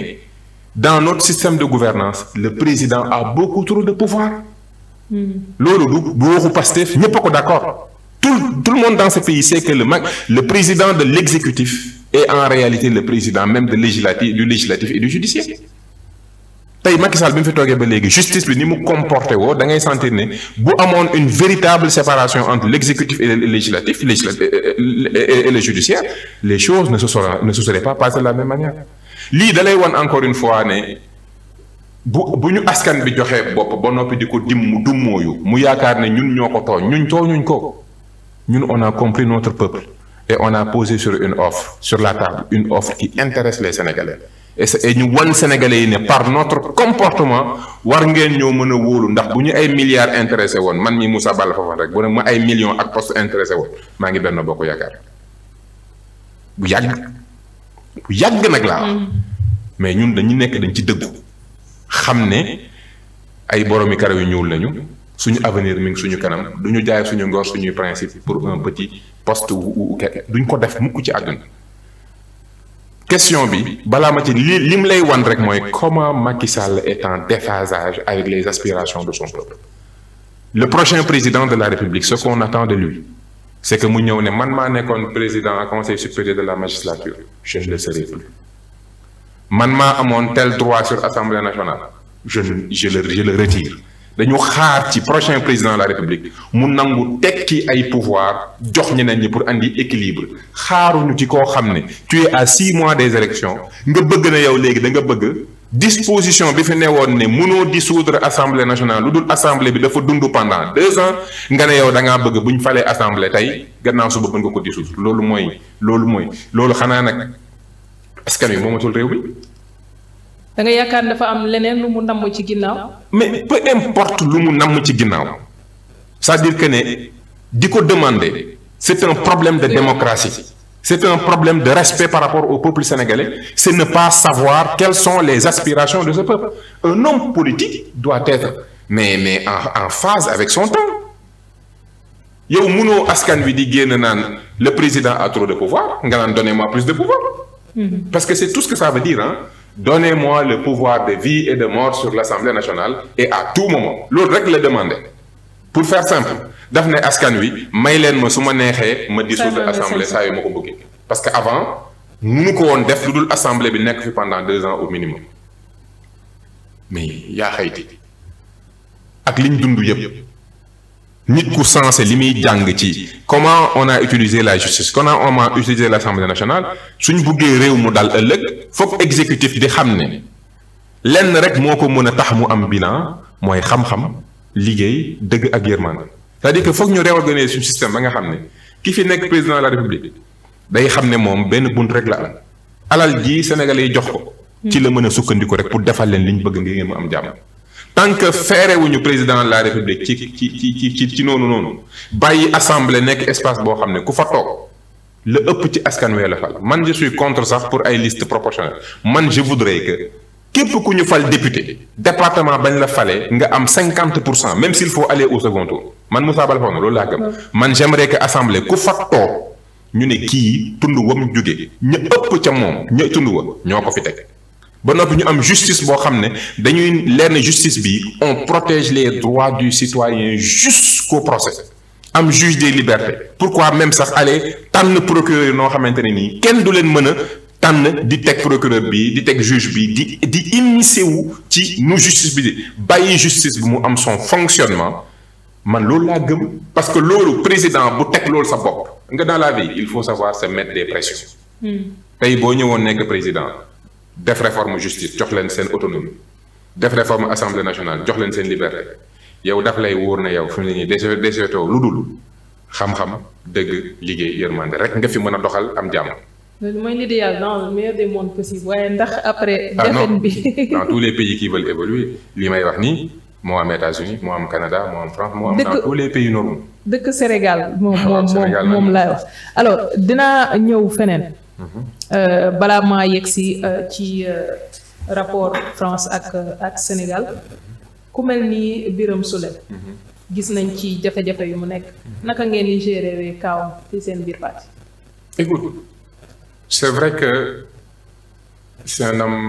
dans notre système de gouvernance le président a beaucoup trop de pouvoir hmm. loolu du du waxu Pastef ñépp a ko d'accord tout tout le monde dans ce pays sait que le mag le président de l'exécutif est en réalité le président même de législatif du législatif et du judiciaire tey Macky Sall bi mu fi toogee ba léegi justice bi ni mu comporté woo da ngay sentir ne bu amoon une véritable séparation entre l'exécutif et le législatif législatif euh, euh, euh, et les choses ne se seraient ne la même manière lii da lay wan encore une fois ne bu bu ñu askan bi joxe bopp ba noppi di ko dim mu dummooyu mu yaakaar ne ñun ñoo ko tooñ ñun tooñuñ ko ñun on a compris notre peuple et on a posé sur une offre sur la table une offre qui intéresse les Sénégalais et ñu wan Sénégalais yi ne par notre comportement war ngeen ñoo mën a wóolu ndax bu ñu ay milliards intéressé woon man mi Moussa Balla Fofana rek bu ne ma ay million ak poste intéressé woon maa ngi benn boo yaakaar bu yàgg bu yàgg nag laa wax mais ñun dañu nekk dañ ci dëggu xam ne ay boroomi karaw yu ñuul lañu suñu avenir mi ngi suñu kanam du ñu jaay suñu ngor suñuy principe pour un petit poste wu duñ ko def mukk ci àdduna question bi balaa ma ci li li mu lay wan rek mooy comment Macky Sall est en déphasage avec les aspirations de son peuple le prochain président de la République ce qu'on attend de lui c'est que mu ñëw ne man maa nekkoon président conseil supérieur de la magistrature je ne le serai man maa amoon tel droit sur assemblée nationale je je le je le retire dañu xaar ci prochain président la république mu nangu tekki ay pouvoir jox ñeneen ñi pour indi équilibre xaaruñu ci koo xam ne tu es à six mois des élections nga bëgg na yow léegi da nga bëgg. disposition bi fi nee woon ne mënoo dissoudre assemblée nationale lu dul assemblée bi dafa dund pendant deux ans nga ne yow da ngaa bëgg bu ñu falee assemblée tey gannaaw suba mën nga ko dissoudre loolu mooy loolu mooy loolu xanaa nag askan wi moomatul réew mi. da nga yaakaar dafa am leneen lu mu namm ci ginnaaw. mais peu importe lu mu namm ci ginnaaw c'est-à-dire que ne di ko demander c'est un problème de démocratie. C'est un problème de respect par rapport au peuple sénégalais, c'est ne pas savoir quelles sont les aspirations de ce peuple. Un homme politique doit être mais mais en, en phase avec son temps. yow mënoo askan wi di génn naan le président a trop de pouvoir nga naan donnez-moi plus de pouvoir. Mm-hmm. parce que c'est tout ce que ça veut dire hein. donnez-moi le pouvoir de vie et de mort sur l'Assemblée nationale et à tout moment loolu rek la demandé. pour faire simple daf ne askan wi may leen ma su ma neexee ma dissoudre assemblée saa yu ma ko bëggee parce que avant munu ko woon def lu dul assemblée bi nekk fi pendant deux ans au minimum mais yaa xayti ak ñu dund yëpp nit ku sensé li muy jàng ci comment on a utilisé la justice comment on a utilisé l'Assemblée nationale suñ buggee réew mu dal ëllëg foog exécutif di xam ne lenn rek moo ko mën a tax mu am bilan mooy xam-xam liggéey dëgg ak yërmande c'est-à-dire que foog ñu réorganiser suñu système ba nga xam ne ki fi nekk président la république day xam ne moom benn bunt rek la am alal ji sénégalais yi jox ko. ci la mën a sukkandiku rek pour defal leen li ñu bëgg ngeen mu am jàmm. tant que feerewuñu président la république ci ci ci ci ci noonu noonu bàyyi assemblée nekk espace boo xam ne ku fa toog la ëpp ci askan wee man je suis contre sax pour ay list proportionnelle man je voudrais képp ku ñu fal député département bañ la falee nga am cinquante pour cent même s'il faut aller au second tour man Moussa Bala Fofana loolu laa gëm man j'aimerais que assemblée ku fa toog ñu ne kii tund wa mu jóge ñu ëpp ca moom ñu tund wa ñoo ko fi teg ba noppi ñu am justice boo xam ne dañuy leer ne justice bi on protège les droits du citoyen jusqu'au procès am juge des libertés pourquoi même sax aller tànn procureur yi noo xamante ne nii kenn du leen mën a tànn di teg procureur bi di teg juge bi di di immiscé ci nu justice bi bàyyi justice bi mu am son fonctionnement man loolu laa gëm parce que loolu président bu teg loolu sa bopp nga daal la vie il faut savoir se mettre des pressions hmm. tey boo ñëwoon nekk président def réforme justice jox leen seen autonomie def réforme assemblée nationale jox leen seen liberté yow daf lay wóor na yow fi mu ne nii dese desetoo lu dul xam-xam dëgg liggéey yërmande rek nga fi mën a doxal am jàmm loolu mooy l'idéal dans le meilleur des mondes possible waaye ndax après. jafet ah, bi dans tous les pays qui veulent évoluer li may wax nii moo am États-Unis moo am Canada moo am France moo am. dans tous les pays normes. dëkk Sénégal moom ah, moom laay wax alors dinaa ñëw feneen. Mhm. Euh, balaa maa yegg si euh, ci euh, rapport France ak ak Sénégal ku mel ni Birame Souleye. Mhm. gis nañ ci jafe-jafe yu mu nekk. Mhm. naka ngeen di gérer kaawam ci seen biir parti. écoute C'est vrai que c'est un homme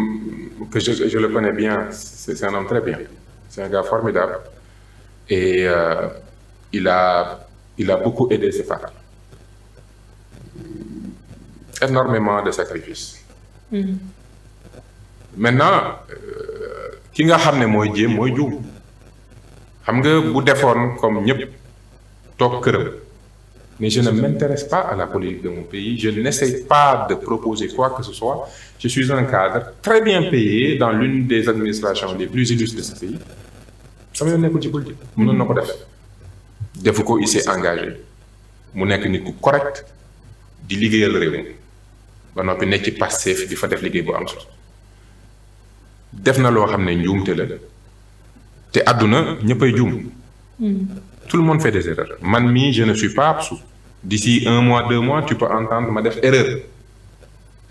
que je, le connais bien, c'est un homme très bien, c'est un gars formidable et euh, il a, il a beaucoup aidé ses parents. Énormément de sacrifices. Mm. Maintenant euh, ki nga xam ne mooy jéem mooy juum xam nga bu defoon comme ñëpp toog këram. mais je ne m'intéresse pas à la politique de mon pays, je n'essaye pas de proposer quoi que ce soit. Je suis un cadre très bien payé dans l'une des administrations les plus illustres de ce pays. sama yoon nekkul ci politique mënoon na ko def defu ko il s'est engagé mu nekk nit ku correct di liggéeyal réew mi ba noppi nekk ci Pastef di fa def liggéey bu am solo def na loo xam ne njuumte la te àdduna ñëppay juum hmm. tout le monde fait des erreurs man mii je ne suis pas absous d'ici un mois deux mois tu peux entendre ma def erreur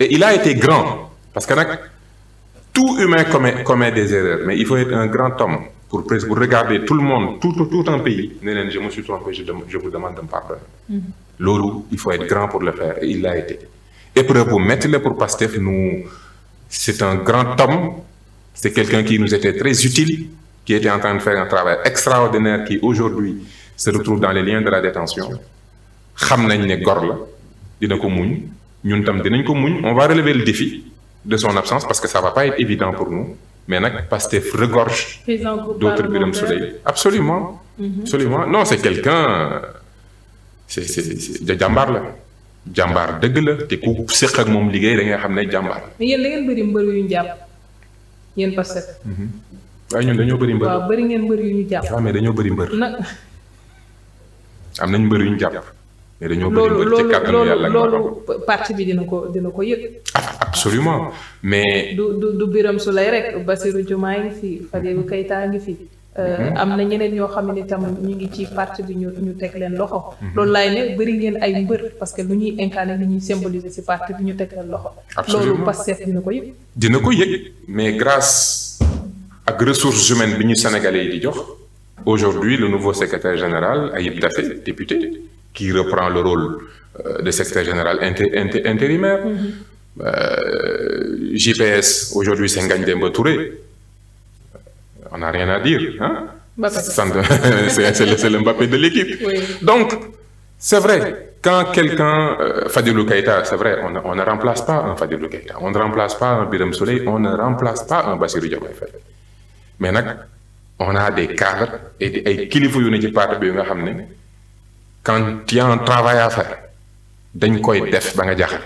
et il a été grand parce que nag tout humain commet commet des erreurs mais il faut être un grand homme pour presque pour regarder tout le monde tout tout, un pays ne leen je me suis trompé je, je vous demande de me pardonner mm il faut être grand pour le faire et il l'a été épreuve bu métti la pour Pastef nous c'est un grand homme c'est quelqu'un qui nous qui en train de faire un travail extraordinaire qui aujourd'hui se retrouve dans les liens de la détention xam nañ ne gor la dina ko muñ ñun tam dinañ ko muñ on va relever le défi de son absence parce que ça va pas être évident pour nous mais nag Pastef regorge d'autres Birame Souleye absolument mhm. absolument non c'est quelqu'un c'est c'est jàmbaar la jàmbaar dëgg la te ku séq ak moom liggéey da ngay xam ne jàmbaar mais yéen la bëri mbër yu ñu jàpp waaye ñun dañoo bëri mbër. waaw bëri ngeen mbër yu ñu jàpp. waaw mais dañoo bëri mbër. na am nañ mbër yu ñu jàpp. mais dañoo bëri mbër ci kàttanu yàlla loolu loolu loolu parti bi dina ko dina ko yëg. absolument mais. du du biram Birame Souleye rek Bassirou Diomaye ngi fi Fadilou Keita ngi fi. Mhm. am na ñeneen ñoo xam ne tam ñu ngi ci parti bi ñu ñu teg leen loxo. Mhm. loolu laay ne bëri ngeen ay mbër parce que lu ñuy incarné ni ñuy symboliser si parti bi ñu teg leen loxo. absolument loolu Pastef dina ko yëg. dina ko yëg mais grâce. ak ressources humaines bi ñu sénégalais yi di jox aujourd'hui le nouveau secrétaire général Ayib Daffé député qui reprend le rôle euh, de secrétaire général inter inter intérimaire mm-hmm. euh, JPS aujourd'hui c'est Ngagne Demba Touré euh, on n'a rien à dire c'est le de l'équipe donc c'est vrai quand quelqu'un euh, Fadilou Keïta c'est vrai on, on ne remplace pas un Fadilou Keïta on ne remplace pas un Birame Souleye on ne remplace pas un Bassirou mais nag on naa des cadres et ay kilifa yu ne ci parti bi nga xam ne quand y a dañ koy def ba nga jaxal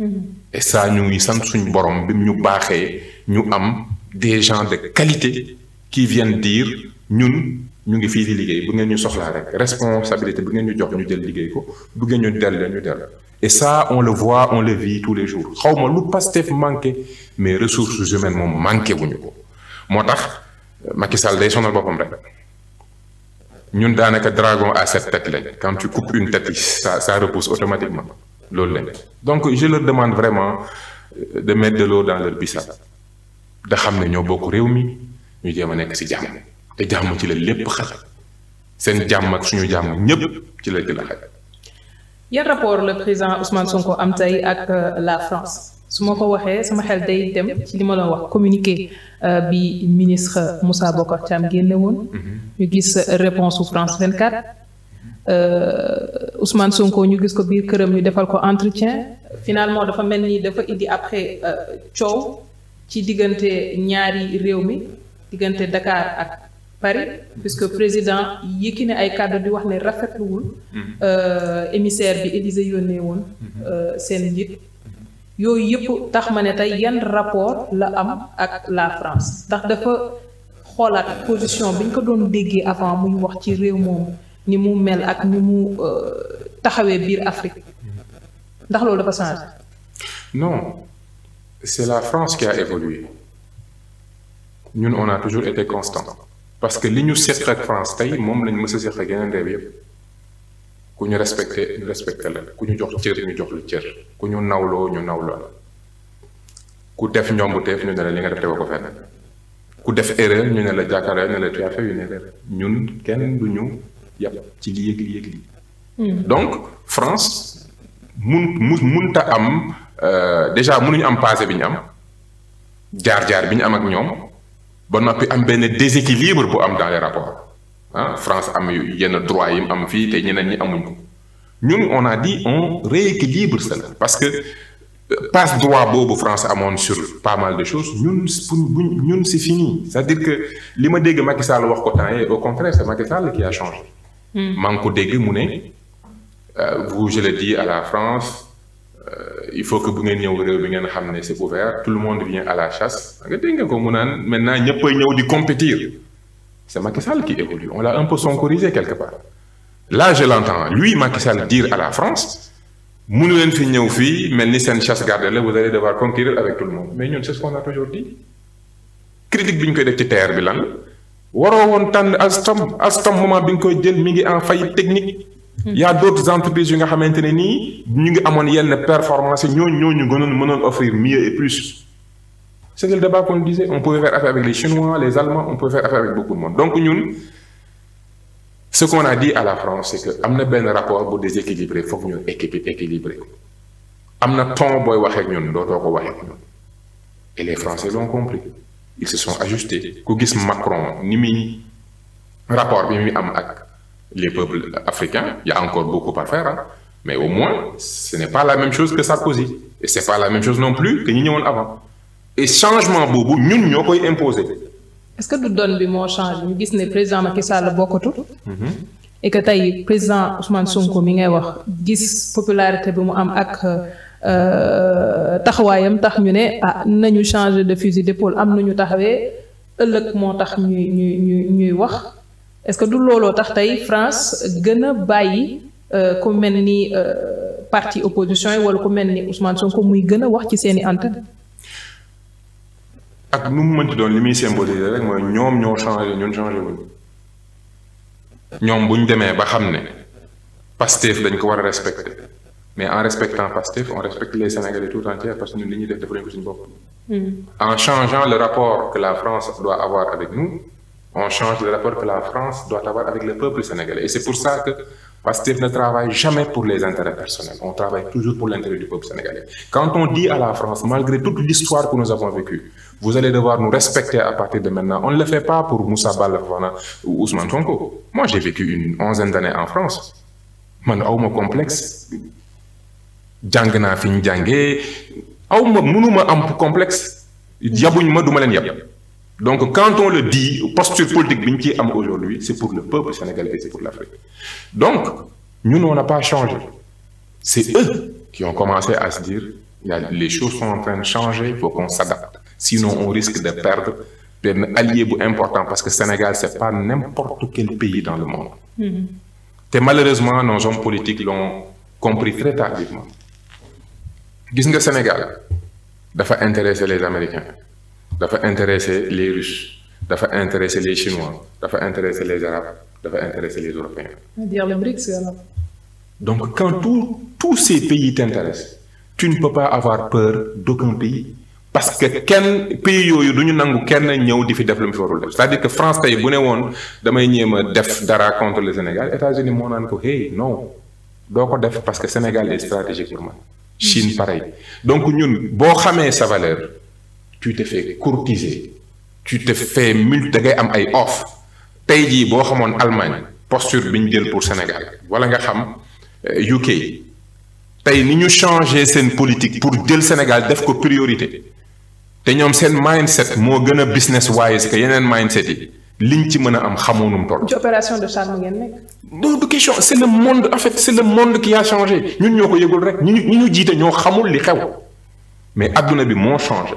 mm-hmm. et ça ñu ngi sant suñu borom bi ñu baaxee ñu am des gens de qualité qui viennent dire ñun ñu ngi fii di liggéey bu ngeen ñu soxlaa rek responsabilité bu ngeen ñu jox ñu jël liggéey ko bu ngeen ñu dell ñu dell et ça on le voit on le vit tous les jours xaw ma lu Pastef manqué mais ressources humaines moom manqué wuñu ko moo tax Macky Sall day sonal boppam rek ñun daanaka dragon à sept têtes lañ quand tu coupes une tête ça ça repousse automatiquement loolu lañ donc je leur demande vraiment euh, de mettre de l'eau dans leur bissap da xam ne ñoo bokk réew mi ñu jéem a nekk ci jàmm te jàmm ci la lépp xaj seen jàmm ak suñu jàmm ñépp ci la ci la xaj rapport le président Ousmane Sonko am tey ak euh, la France su ma ko waxee sama xel day dem ci li ma la wax communiquer euh, bi ministre Moussa Bocar Thiam génne woon. Mhm. ñu gis réponse su France 24. Euh, Ousmane Sonko ñu gis ko biir këram ñu defal ko entretien. finalement dafa mel nii dafa indi après euh, coow ci diggante ñaari réew mi diggante Dakar ak Paris que président yëkki ne ay kàddu di wax ne rafetluwul mhm. émissaire bi Élysée yónnee woon mhm. seen njiit. yooyu yëpp tax ma ne tey yan rapport la am ak la France ndax dafa xoolaat position bi ñu ko doon déggee avant muy wax ci réew moomu ni mu mel ak ni mu euh, taxawee biir Afrique ndax loolu dafa changé. non c'est la France qui a évolué ñun on a toujours été constant parce que li ñu seq ak France tey moom lañ mës a seq ak yeneen réew yëpp. ku ñu respecté ñu respecté la ku ñu jox cër ñu jox lu cër ku ñu nawloo ñu nawloo la ku def ñomb ñu ne la li nga def tegoo ko fenn ku def erreur ñu ne la jàkkaarloo ñu ne la tu as fait une ñun kenn du ñu yàpp ci lii yëg lii hmm. donc France mun mu munta am euh, déjà mënuñu am pase bi ñu am jaar-jaar bi ñu am ak ñoom ba noppi am benn déséquilibre bu am dans les rapports ah France am yenn droit yi mu am fii te ñeneen ñi amuñ ko ñun on a dit on rééquilibre cela parce que euh, passe droit boobu France amoon sur pas mal de choses ñun pour ñun c'est fini c'est-à-dire que li ma dégg Macky Sall wax ko temps yii au contraire c'est Macky Sall a changé. Hmm. maa ko dégg mu ne euh, vous je le dis à la France. Euh, il faut que bu ngeen ñëw réew bi ngeen xam ne c'est ouvert tout le monde vient à la chasse nga dégg nga ko mu naan maintenant ñëpp ay ñëw di compétir C'est Macky Sall qui évolue. On l'a un peu quelque part. Là, je Lui, Macky Sall, à la France, nu leen fi ñëw fii mel ni seen chasse gardée la vous allez devoir conquérir avec tout le monde mais ñun c'est ce qu'on toujours dit critique bi ñu koy def ci terre bi lan waroo woon tànn Alstom Alstom moment bi nga koy jël mi ngi en faillite technique. y a d'autres entreprises yu nga xamante ne nii ñu ngi amoon yenn performance ñooñu ñooñu gënoon mënoon offrir mieux et plus. C'était le débat qu'on disait. On pouvait faire affaire avec les Chinois, les Allemands, on pouvait faire affaire avec beaucoup de monde. Donc ñun ce qu'on a dit à la France c'est que am na benn rapport bu déséquilibré foog ñu équilibré am na ton booy waxee ak ñun dootoo les Français l'ont compris ils se sont ajustés ku gis Macron ni muy rapport bi muy am ak les peuples africains il a encore beaucoup à faire hein. mais au moins ce n'est pas la même chose que la même chose non plus que ñi et changement boobu ñun ñoo koy imposer. est que du donne bi moo change ñu gis ne président Macky Sall bokkatu. Mhm. et que tey président Ousmane Sonko mi ngay wax gis popularité bi mu am ak. Euh, euh, taxawaayam tax ñu ne ah nañu changer de fusil d'épaule am nañu taxawee ëllëg moo tax ñuy ñuy ñuy wax est que du looloo tax tey France gën a bàyyi euh, ku mel ni parti opposition yi ku mel ni Ousmane muy gën a wax ci seeni antenne ak nu mu mënti doon li muy symboliser rek mooy ñoom ñoo changé ñun changé wuñ ñoom bu ñu demee ba xam ne Pastef dañ ko war a respecter mais en respectant Pastef on respecte les Sénégalais tout entier parce que ñun li ñuy def dafa lañ ko suñu hmm. en changeant le rapport que la France doit avoir avec nous on change le rapport que la France doit avoir avec le peuple sénégalais et c'est pour ça que Pastef ne travaille jamais pour les intérêts personnels on travaille toujours pour l'intérêt du peuple on dit à la France vous allez devoir nous respecter à partir de maintenant. On ne le fait pas pour Moussa Balla Fofana ou Ousmane Sonko. Moi, j'ai vécu une onzaine d'années en France. man awma complexe jàng naa fi ñu jàngee awma mënuma am complexe yabuñ ma duma leen yab donc quand on le dit posture politique bi ñu ciy am aujourd'hui c'est pour le peuple sénégalais et c'est pour l'Afrique donc ñun on n'a pas changé c'est eux qui ont commencé à se dire il y a les choses sont en sinon on risque de perdre benn allié bu important parce que Sénégal c'est pas n'importe quel pays dans le monde mm-hmm. te malheureusement nos hommes politiques l'ont compris très tardivement gis nga Sénégal dafa intéresser les Américains dafa intéresser les Russes dafa intéresser les Chinois dafa intéresser les Arabes dafa intéresser les Européens. donc quand tous tous ces pays t'intéressent tu ne peux pas avoir peur d'aucun pays. parce que kenn pays yooyu du ñu nangu kenn ñëw di fi def lu mu fi warul def c'est-à-dire que France tey bu ne woon damay ñéem a def dara contre le Sénégal États-Unis moo naan ko hey non doo ko def parce que Sénégal est stratégique pour man Chine pareil donc ñun boo xamee sa valeur tu te fais courtiser tu te fais mul da ngay am ay offre tey jii boo xamoon Allemagne posture bi ñu jël pour Sénégal wala nga xam UK euh, tey ni ñu changé seen politique pour jël Sénégal def ko priorité te ñoom seen mindset moo gën a business wise que yeneen mindset yi liñ ci mën a am xamoonum toll. ci opération de charme ngeen nekk. non du question c' est le monde en fait c' est le monde qui a changé ñun ñoo ko yëgul rek ñu ñu ñu jiite ñoo xamul li xew mais adduna bi moo changé.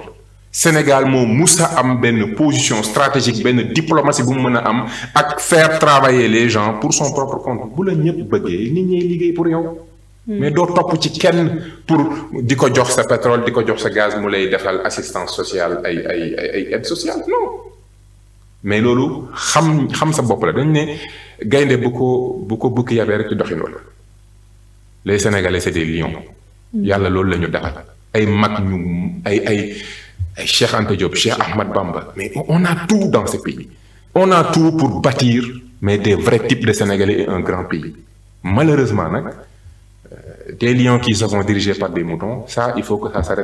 Sénégal moo mus am benn position stratégique benn diplomatie bu mu mën a am ak faire travailler les gens pour son propre compte bu la ñëpp bëggee nit ñi liggéey pour yow. Hmm. mais doo topp ci kenn pour di ko jox sa pétrole di ko jox sa gaz mu lay defal assistance sociale ay ay ay aide sociale non mais loolu xam xam sa bopp la dañ ne gaynde bu ko bu ko bukki yabee rek ci doxin wala les sénégalais c'est des lions. Hmm. yàlla loolu la ñu defal ay mag ñu ay ay ay Cheikh Anta Diop Cheikh Ahmad Bamba mais on a tout dans ce pays. on a tout pour bâtir mais des vrais types de sénégalais et un grand pays malheureusement nag. des lions qui seront dirigés par des moutons ça il faut que ça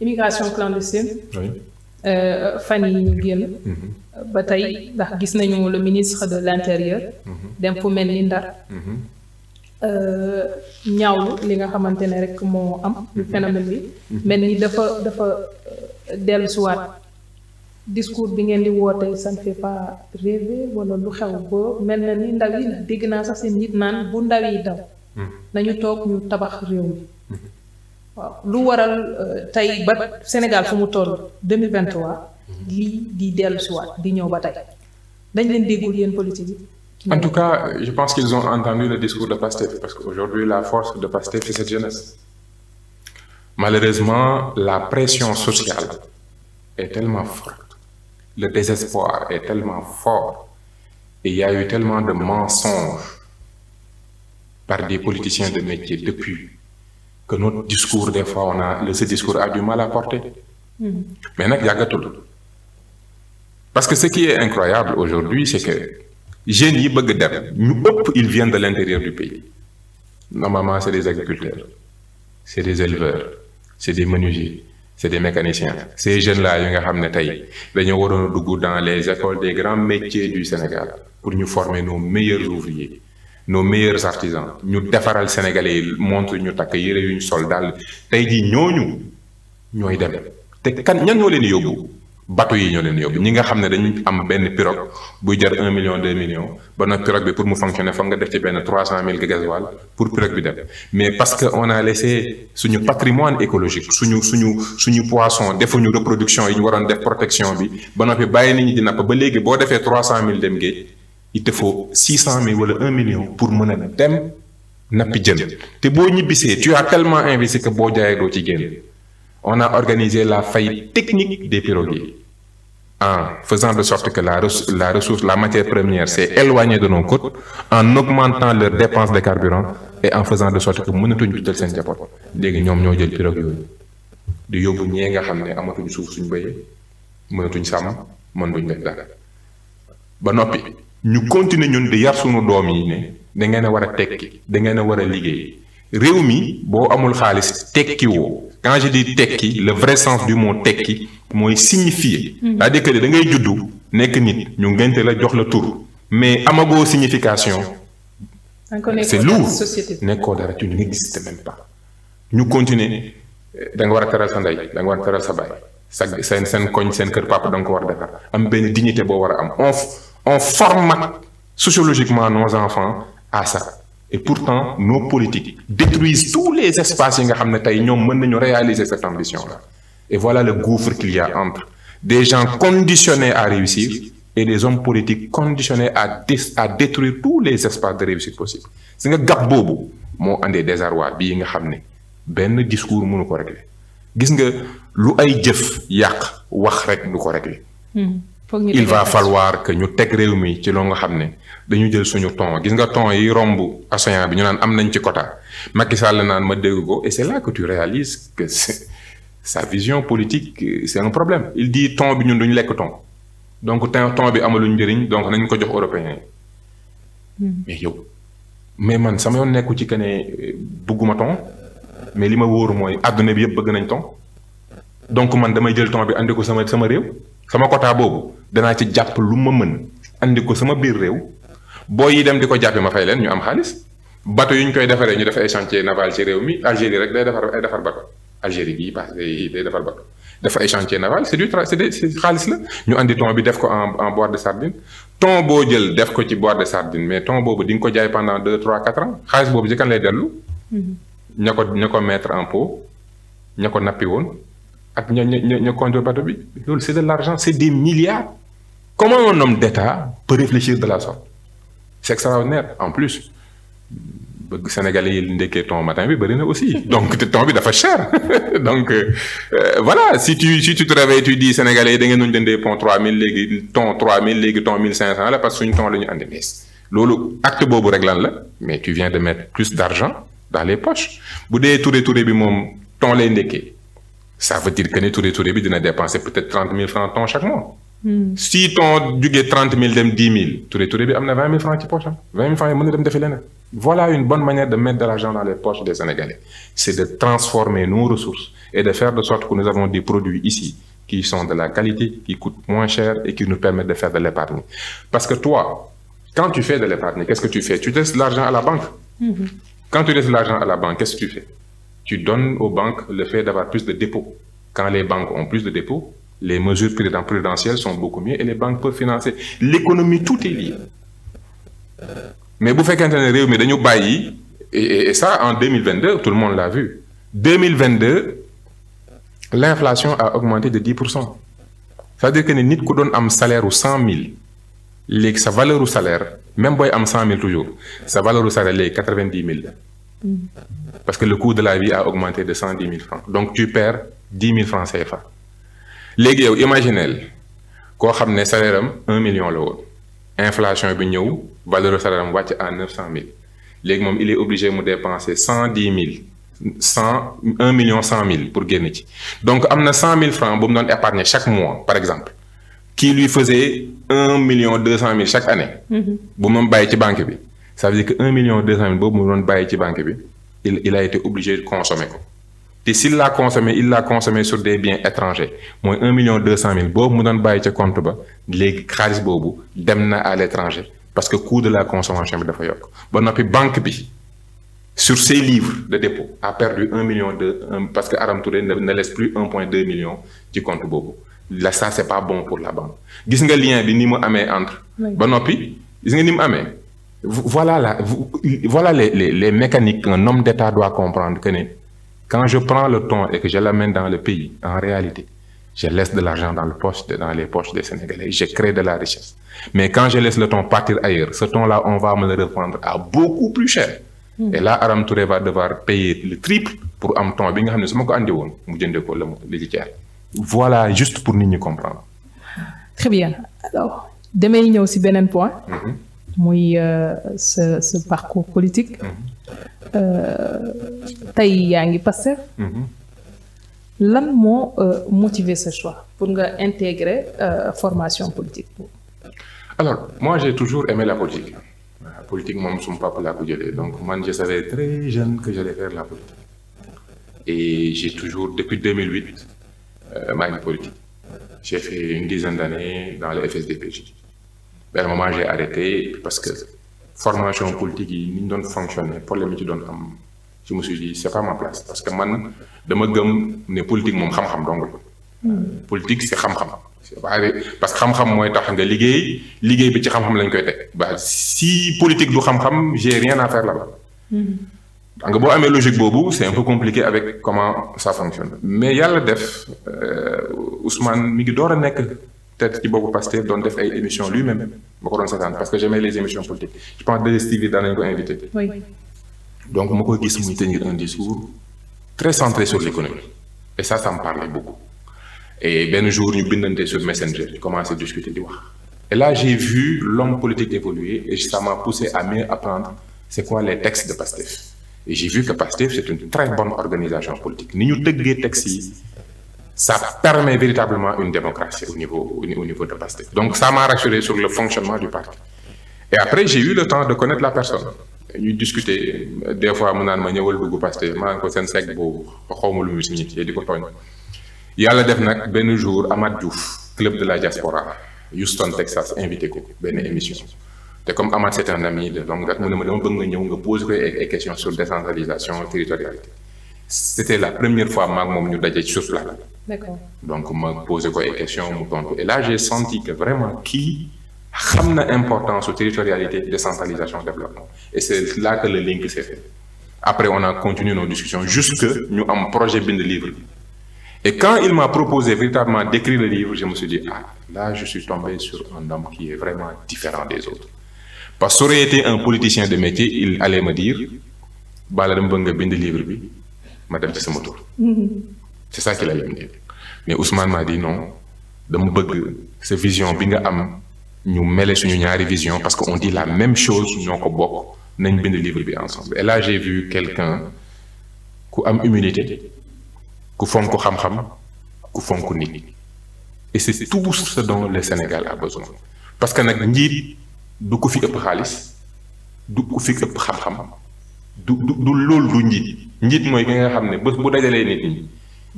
immigration clandestine. Euh, fan yi ñu génn. Mhm. ba tey ndax gis nañu le ministre de l'intérieur. Mhm. dem fu mel ni Ndar. Mhm. Euh, ñaawlu li nga xamante ne rek moo am. lu phénomène bi. mel ni dafa dafa euh, dellusiwaat discours bi ngeen di woote ça fait pas rêver wala lu xew ba mel na ni ndaw yi dégg naa sax seen nit naan bu ndaw daw. nañu toog ñu tabax réew mi waaw lu waral euh, tey ba Sénégal fu mu toll 2023 lii di dellusiwaat di ñëw ba tey dañ leen déggul yéen politique yi. en tout cas je pense qu'ils ont entendu le discours de Pastef parce qu'aujourd'hui la force de Pastef c'est cette jeunesse malheureusement la pression sociale est tellement forte le désespoir est tellement fort et il y a eu tellement de mensonges par des politiciens de métier depuis que notre discours des fois on a ce discours a du mal à porter. Mm-hmm. mais nag yàggatul. parce que ce qui est incroyable aujourd'hui c'est que jeunes yi bëgg dem ñu ëpp ils viennent de l'intérieur du pays normalement c'est des agriculteurs c'est des éleveurs c'est des menuisiers c'est des mécaniciens ces jeunes là yi nga xam ne tey dañoo waroon a dugg dans les écoles des grands métiers du Sénégal pour ñu former nos meilleurs ouvriers. nos meilleurs artisans ñu defaral sénégalais yi montre ñu takk yëre yu ñu sol daal tey jii ñooñu ñooy dem te kan ñan ñoo leen yóbbu bateau yi ñoo leen yóbbu ñi nga xam ne dañu am benn pirogue buy jar un million deux millions ba nag pirogue bi pour mu fonctionner foog nga def ci benn trois cent mille gasoil pour pirogue bi dem mais parce que on a laissé suñu patrimoine écologique suñu suñu suñu poisson defuñu reproduction yi ñu waroon def protection bi ba noppi bàyyi nit ñi di napp léegi boo defee trois cent mille dem géej il te faut six cent wala un million pour mën a dem nappi jën te boo ñibbisee tu as tellement investi boo jaayee doo ci génn on a organisé la faillite technique des pirogues en faisant de sorte que la la ressource la matière première s'est éloignée de nos côtes en augmentant leurs dépenses de carburant et en faisant de sorte que mënatuñu tuddal seen njaboot léegi ñoom ñoo jël pirogue yooyu di yóbbu ñee nga xam ne amatuñ suuf suñu béyee mënatuñ sàmm mën duñ def dara ba noppi ñu continuer ñun di yar sunu doom yi ne da ngeen a war a tekki da ngeen a war a liggéey réew mi boo amul xaalis tekki woo di je tekki le vrai sens du mot tekki mooy signifier mhm. c'est-à-dire da ngay juddu nekk nit ñu ngénte la jox la tur mais amagoo signification c'est lourd nekkoo dara tu n'existe même pas ñu continuer eh, da war a teral sa ndey da nga war a teral sa baay sa seen seen koñ seen kër papa da ko war a defar am benn dignité boo war a am on on formate sociologiquement nos enfants à ça et pourtant nos politiques détruisent tous les espaces yi nga xam ne tey ñoom mën nañu réaliser cette ambition là et voilà le gouffre qu'il y a entre des gens conditionnés à réussir et des hommes politiques conditionnés à à détruire tous les espaces de réussite possible si nga gàpp boobu moo indee andee bi yi nga xam ne benn discours mënu ko régler gis nga lu ay jëf yàq wax rek du ko régler hmm. il va falloir que ñu teg réew mi ci loo nga xam ne dañu jël suñu ton gis nga ton yi romb océan bi ñu naan am nañ ci quota Macky Sall naan ma dégg ko et c'est là que tu réalises que sa vision politique c'est un problème il dit ton bi ñun duñu lekk ton donc ton bi amaluñ njëriñ donc nañ ko jox européens yi hmm. mais yow mais man sama yoon nekku ci que eh, bugguma bëgguma mais li ma wóor mooy àdduna bi yëpp bëgg nañ ton donc man damay jël ton bi andi ko sama sama réew sama quota boobu danaa ci jàpp lu ma mën andi ko sama biir réew boo yi dem di ko jàppe ma fay leen ñu am xaalis bateau yu ñu koy defaree ñu def ay chantier naval ci réew mi Algérie rek day defar ay defar bateau Algérie gii paase day defar bateau dafa ay chantier naval c'est du tra xaalis la ñu andi thon bi def ko en en boîte de sardine thon boo jël def ko ci boîte de sardine mais thon boobu di nga ko jaay pendant deux trois quatre ans xaalis boobu ci kan lay dellu. Mm-hmm. ña ko ña ko mettre en pot ña ko nappi woon ak ña ña ña contrôle bateau bi loolu c'est de l'argent c'est des comme un homme d'État peut réfléchir de la sorte c'est extraordinaire en plus bëgg Sénégalais yi ndekkee ton matin bi bëri na aussi donc te ton bi dafa cher donc euh, euh, voilà si tu si tu te réveilles tu dis Sénégalais yi da ngeen doon jëndee pont 3000 léegi ton 3000 léegi ton 1500 la parce que suñu ton la ñu andi nees loolu acte boobu rek lan la mais tu viens de mettre plus d'argent dans les poches bu dee Touré Touré bi moom ton lay ndekkee ça veut dire que ne Touré Touré Hmm. si ton jugee trente mille dem dix mille Touré Touré bi am vingt mille francs ci vingt mille francs yi mën na dem voilà une bonne manière de mettre de l'argent dans les poches des Sénégalais c'est de transformer nos ressources et de faire de sorte que nous avons des produits ici qui sont de la qualité qui coûtent moins cher et qui nous permettent de faire de l'épargne parce que toi quand tu fais de l'épargne qu'est-ce que tu fais Les mesures prudentielles sont beaucoup mieux et les banques peuvent financer. L'économie, tout est lié. Mais bu fekkente ne réew mi dañu bàyyi et ça en 2022 tout le monde l'a vu 2022 l'inflation a augmenté de 10 pour cent c'est-à-dire que ni nit ku doon am salaire u 100000 léegi sa valeur u salaire même booy am 100000 toujours sa valeur u salaire léegi 90000 la mm. parce que le coût de la vie a augmenté de 110000 francs donc tu perds 10 000 fa léegi yow imaginel koo xam ne salaire am un million la woon inflation bi ñëw valeur salaire am wàcc à neuf cent mille léegi moom il est obligé mu dépenser cent dix mille cent un million cent mille pour génn ci donc am na cent mille francs bu mu doon épargner chaque mois par exemple qui lui faisait un million deux cent mille chaque année. Mm-hmm. bu moom bàyyi ci banque bi. sa veut dire que un million deux cent mille boobu mu doon bàyyi ci banque bi il il a été obligé de ko. te s'il l'a consommé il l'a consommé sur des biens étrangers mooy un million deux cent mille boobu mu doon bàyyi ca compte ba léegi xaalis boobu dem na à l'étranger parce que coût de la consommation bi dafa yokk ba noppi banque bi sur ses livres de dépôt a perdu un million de parce que Aram Touré ne laisse plus un point deux million ci compte boobu la ça c'est pas bon pour la banque gis nga lien bi ni mu amee entre ba noppi gis nga ni mu amee voilà la voilà les les les mécaniques un homme d'État doit comprendre Quand je prends le thon et que je l'amène dans le pays, en réalité, je laisse de l'argent dans, le poche, dans les poches des Sénégalais. Je crée de la richesse. Mais quand je laisse le thon partir ailleurs, ce thon-là, on va me le revendre à beaucoup plus cher. Et là, Aram Touré va devoir payer le triple pour am thon bi nga xam ne su ma ko andi woon mu jëndee ko la Voilà juste pour nit ñi comprendre. Très bien alors damay ñëw si beneen point. Mhm. muy sa euh, sa parcours Euh, tey yaa ngi Pastef mhm. lan moo euh, motiver ce choix pour nga intégrer euh, formation politique boobu alors moi j'ai toujours aimé la politique la politique moom suma papa laa ko jëlee donc man je savais très jeune que j'allais faire la politique et j'ai toujours depuis 2008 maa ngi politique j'ai fait une dizaine d'années dans le FSDPJ mais à un parce que formation politique yi ni ñu doon fonctionner problème yi ci doon am je me suis dit c'est pas ma place parce que man dama gëm ne politique moom xam-xam dong la. Hmm. politique c'est xam-xam. parce que xam-xam mooy nga liggéey liggéey bi ci xam lañ koy teg ba si politique du xam-xam j'ai rien à faire là-bas. Hmm. donc boo amee logique boobu c'est un peu compliqué avec comment ça fonctionne mais yàlla def euh, Ousmane mi ngi door a nekk. peut-être ci boobu Pastef doon def ay émissions lui-même ma ko doon seetaan parce que j'aimais les émissions politiques je pense des TV daan nañu ko invité. donc ma koy gis muy tenir un discours très centré sur l'économie et ça ça me parlait beaucoup et benn jour ñu bindante sur Messenger commencé discuter di wax. et là j'ai vu l'homme politique évoluer et ça m'a à mieux apprendre c'est quoi les textes de Pastef et j'ai vu que Pastef c'est une très bonne organisation politique ni ñu tëggee ça permet véritablement une démocratie au niveau, au niveau de Pastef. Donc ça m'a rassuré sur le fonctionnement du parti. Et après, j'ai eu le temps de connaître la personne. ñu discuter des mu naan ma ñëwal dugg Pastef maa ngi ko seen sec boobu xaw ma lu mu signifié di ko tooñ. yàlla def nag benn jour Amath Diouf club de la diaspora Houston Texas invité ko benn émission te comme Amath c'est un ami de longue date mu ne ma dama bëgg nga ñëw nga posé la première moom ñu daje sur place. donc ma posé ko ay question mu tontu et là j'ai senti que vraiment kii xam na importance su territorialité décentralisation développement et c'est là que le link s'est fait après on a continué nos discussions jusque ñu am projet bind livre bi et quand il m'a proposé véritablement d'écrire le livre je me suis dit ah là je suis tombé sur un homme qui est vraiment différent des autres parce que ça aurait été un politicien de métier il allait me dire bala livre bi ma def ci sama tur mm-hmm. c'est ça qu'il allait me dire mais Ousmane m'a dit dama bëgg sa vision bi nga am ñu mele suñu ñaari vision parce que on dit la même chose ñoo ko bokk nañ bind livre bi ensemble et là j'ai vu quelqu'un ku am humilité ku fonk xam-xam ku fonk nit et c'est tout ce dont le Sénégal a besoin parce que nag njiit du ko fi ëpp xaalis du ku fi ëpp xam-xam du du loolu du njiit njiit mooy ki nga xam ne bés bu dajalee nit ñi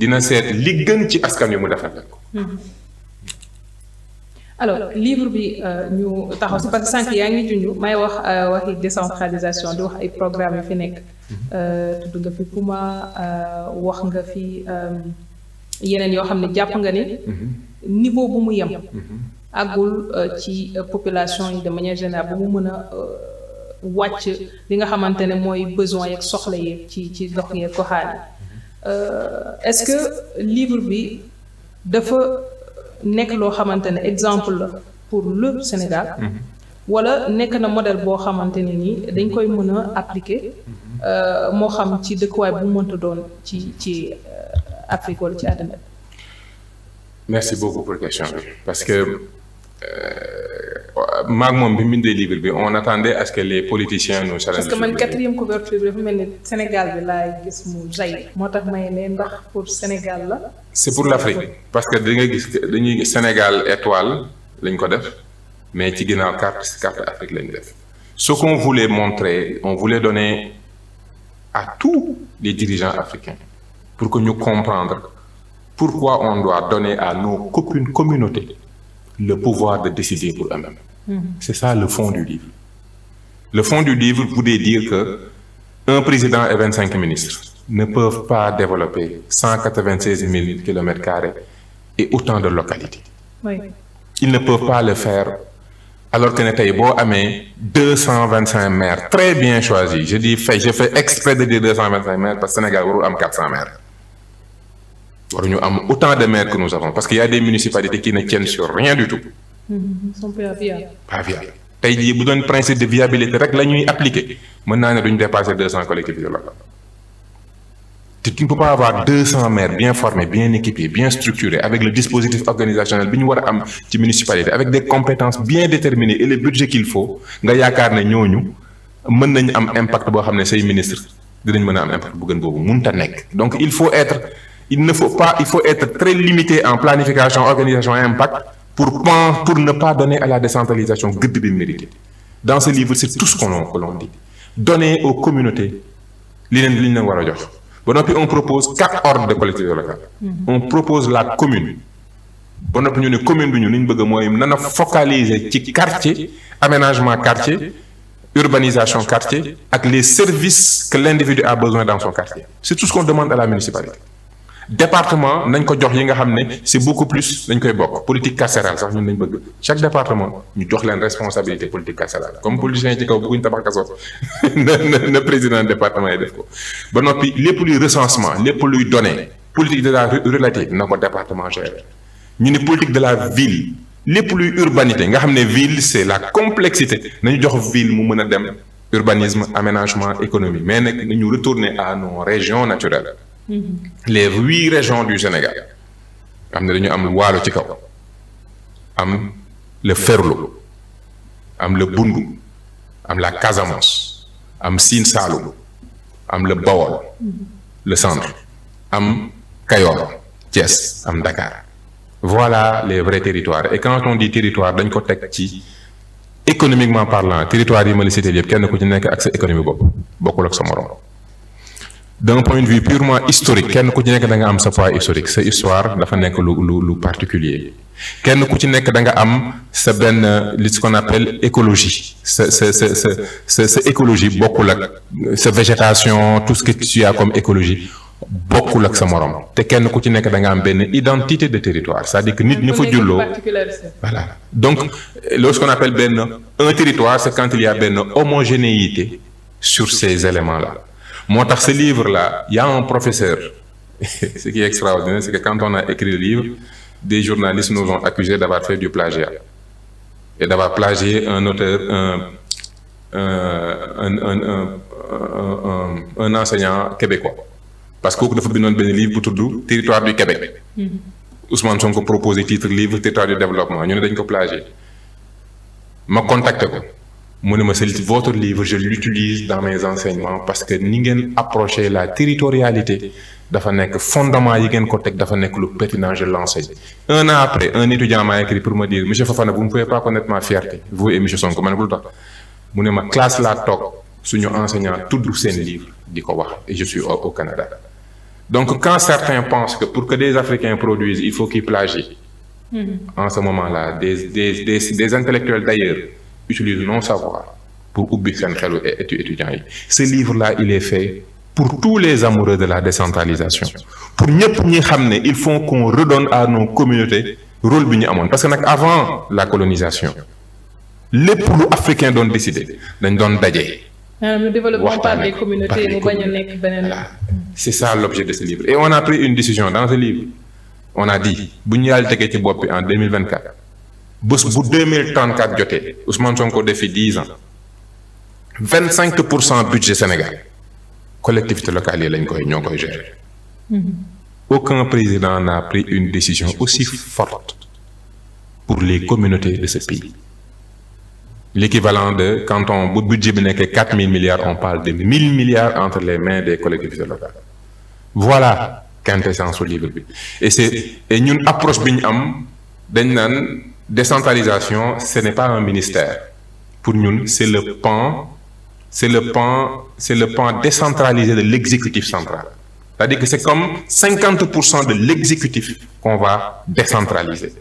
dina seet li gën ci askan wi mu defal mhm. leen livre bi euh, ñu taxaw si parce que sànq yaa ngi junj may wax euh, waxi décentralisation di wax ay programme yu fi nekk. Mhm. Euh, tudd nga fi Puma wax nga fi yeneen yoo xam ne jàpp nga ni. Mhm. niveau bu mu yem. àggul ci population yi de manière générale bu mu mën a wàcc li nga xamante ne mooy besoin yeeg soxla yeeg ci ci gox yeeg goxaan yi Euh, est-ce que libre bi dafa nekk loo xamante ne exemple la pour le Sénégal. Mhm. wala nekk na modèle boo xamante ne nii dañ koy mën a appliquer euh, moo xam ci dëkkuwaay bu mënta doon ci ci euh, Afrique wala ci àddina merci beaucoup pour question bi parce que. Euh, maag moom bi mu bindee bi on attendait à ce que les politiciens nous challenge. parce que man quatrième couverture bi mel ni Sénégal bi laay gis mu jay. moo tax may ne ndax pour Sénégal la. c'est pour l'Afrique parce que da nga gis dañuy Sénégal étoile lañ ko def mais ci ginnaaw carte carte Afrique lañ def. ce qu'on voulait montrer on voulait donner à tous les dirigeants africains pour que ñu comprendre pourquoi on doit donner à nos copines communautés le pouvoir de décider pour eux Mm-hmm. C'est ça le fond du livre. Le fond du livre voulait dire que un président et 25 ministres ne peuvent pas développer 196 000 kilomètres carrés et autant de localités. Oui. Ils ne peuvent pas le faire alors que ne tey boo amee deux cent vingt cinq maires très bien choisis je dis fait je fais exprès de dire deux parce que Sénégal warul am quatre cent maires waruñu am autant de maires que nous avons parce que y a des municipalités qui ne tiennent Mhm. sont pas viables. tey jii bu doon principe de viabilité rek la ñuy appliquer mën naa ne duñ dépasser deux cent collectivités locales te tu ne peux pas avoir deux cent maires bien formés bien équipés bien structurés avec le dispositif organisationnel bi ñu war a am ci municipalité avec des compétences bien déterminées et le budget qu'il faut nga yaakaar ne ñooñu mën nañ am impact boo xam ne say ministre dinañ mën a am impact bu gën boobu mënut a nekk donc il faut être il ne faut pas il faut être très limité en planification organisation impact. pour, pour ne pas donner à la décentralisation gëdd bi mérité dans ce livre c'est tout ce qu'on que l'on dit donner aux communautés li leen li ñu war a jox ba noppi on propose quatre ordres de collectivité locale mhm. on propose la commune ba noppi ñu ne commune bi ñu li ñu bëgg mooy nana focaliser ci quartier aménagement quartier urbanisation quartier ak les services que l'individu a besoin dans son quartier c'est tout ce qu'on demande à la municipalité département nañ ko jox yi nga xam ne c'est beaucoup plus nañ koy bokk politique carcérale sax ñun nañ bëgg chaque département ñu jox leen responsabilité politique carcérale comme politiciens yi ci kaw bëgguñu na président département yi def ko ba noppi lépp luy recensement lépp luy données politique de la relative na ko département gérer ñu ne politique de la ville lépp luy urbanité nga xam ne ville c'est la complexité nañu jox ville mu mën a dem urbanisme aménagement économie mais nag nañu retourner à nos régions naturelles Mm-hmm. les huit régions du Sénégal am na dañu am waalo ci kaw am le Ferlo am le Bundu am la Casamance am Sine Saloum am le Bawol mm-hmm. le centre am Kayor Thiès am Dakar voilà les vrais territoires et quand on dit territoire dañ ko teg ci économiquement parlant territoire yi ma la cité yëpp kenn ku ci nekk ak sa économie bopp bokkul ak sa morom. d'un point de vue purement historique kenn ku ci nekk danga am sa poids historique sa histoire dafa nekk lu lu lu particulier kenn ku ci nekk da nga am sa benn li ce qu'on appelle écologie sa sa sa sa sa sa écologie bokkul ak sa végétation tout ce que comme écologie bokkul ak sa morom te kenn ku ci nekk da nga am benn identité de territoire c'est-à-dire que nit ñu fa julloo voilà donc lorsqu'on appelle benn un territoire c'est quand il y a benn homogénéité sur ces éléments la moo tax ce livre là y a professeur ce qui extraordinaire c'est que quand on a écrit le livre des journalistes nous ont accusés d'avoir fait du plagiat et d'avoir plagié un auteur un un un un enseignant québécois parce que kooku dafa bindoon benn livre bu tudd territoire du Québec. Mm-hmm. Ousmane Sonko proposé titre livre territoire du développement ñu ne dañ ko plagié ma contacté ko. mu ne ma c'est votre livre je l'utilise dans mes enseignements parce que ni ngeen approché la territorialité dafa nekk fondement yi ngeen ko teg dafa nekk lu pertinent je l'enseigne un an après un étudiant m'a écrit pour me dire monsieur Fofana vous ne pouvez pas connaître ma vous et monsieur Sonko ma ne ko lu tax mu ne ma classe laa toog suñu enseignant tudd seen livre di ko wax et je suis au Canada donc quand certains pensent que pour que des Africains produisent il faut qu'ils plagient mm-hmm. en ce moment là des des des des intellectuels d'ailleurs utilise nos savoirs pour ubbi seen xelu e étudiants yi ce livre-là il est fait pour tous les amoureux de la décentralisation pour ñëpp ñi xam ne il faut qu'on redonne à nos communautés rôle bi ñu amoon parce que nag avant la colonisation lépp lu africain doon décider dañ doon daje. le développement par les communautés mu bañ a nekk beneen c'est ça l'objet de ce livre et on a pris une décision dans ce livre on a dit bu ñu yàlla tegee ci bopp bi en 2024 bés bu 2034 jotee Ousmane Sonko def fi 10 ans 25 pour cent budget Sénégal collectivité locale yi lañ koy ñoo koy gérer. Mm-hmm. aucun président n'a pris une décision aussi forte pour les communautés de ce pays. l'équivalent de quand on bu budget bi nekkee 4000 milliards on parle de 1000 milliards entre les mains des collectivités locales. voilà quintessence su livre bi et c'est ñun approche bi ñu am dañ naan. décentralisation ce n'est pas un ministère pour ñun c'est le pan le pan c'est le pan décentralisé de l'exécutif central c'est-à-dire que c'est comme 50 pour cent de l'exécutif qu'on va décentraliser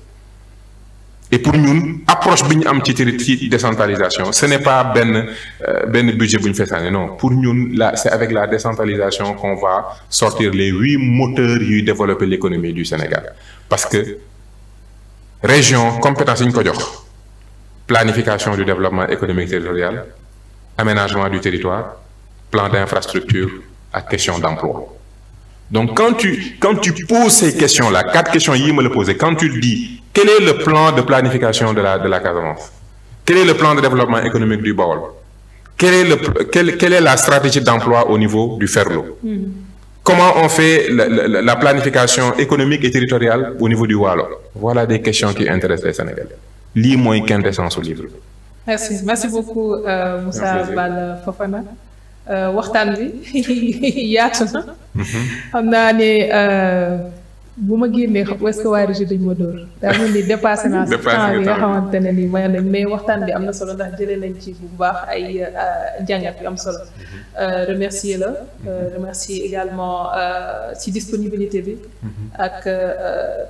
et pour ñun approche bi ñu am ci ci décentralisation ce n'est pas benn euh, benn budget bu ñu fesaane non pour ñun la c'est avec la décentralisation qu'on va sortir les huit moteurs yuy développer l'économie du Sénégal parce que région compétence yi ñu ko jox planification du développement économique territorial aménagement du territoire plan d'infrastructure ak question d'emploi donc quand tu quand tu poses ces questions là quatre questions yii ma la posé quand tu dis quel est le plan de planification de la de la Casamance quel est le plan de développement économique du Baol quel est le quelle quelle est la stratégie d'emploi au niveau du Ferlo mm-hmm. Comment on fait la, planification économique et territoriale au niveau du Waalo Voilà des questions qui intéressent les Sénégalais. lii mooy quintessence au livre. merci merci beaucoup euh, Moussa Bal Fofana. Euh, waxtaan bi yaatu na. Mhm. xam naa ne. Euh, bu ma génnee xam que waa Régis dañ ma dóor daa mel ni dépassé naa si temps bi nga xamante ne nii may waxtaan bi am na solo ndax jëlee nañ ci bu baax ay euh, jàngat yu am solo mm-hmm. euh, remercier la euh, remercier également ci disponibilité bi mm-hmm. ak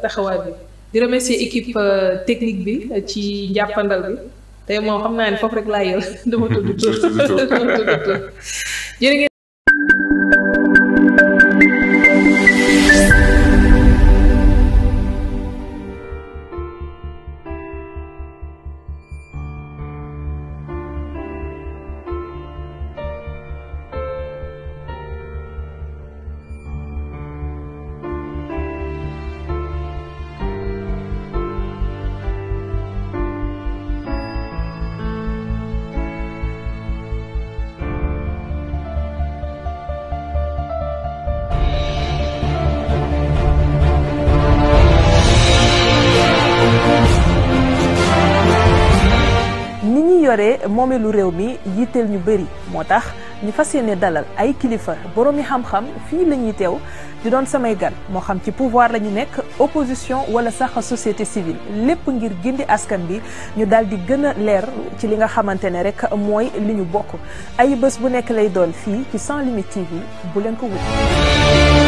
taxawaay bi di remercier équipe technique bi ci njàppandal bi te moom xam naa ne foofu rek laa yël dama tudd tur dama moomeelu réew mi yitteel ñu bari moo tax ñu fas yéene dalal ay kilifa boroomi xam-xam fii la teew di doon samay gan moo xam ci pouvoir lañu nekk opposition wala sax société civile lépp ngir gindi askan bi ñu dal di gëna leer ci li nga xamante ne rek mooy li ñu bokk ay bés bu nekk lay doon fii ci Sans Limites TV bu leen ko wut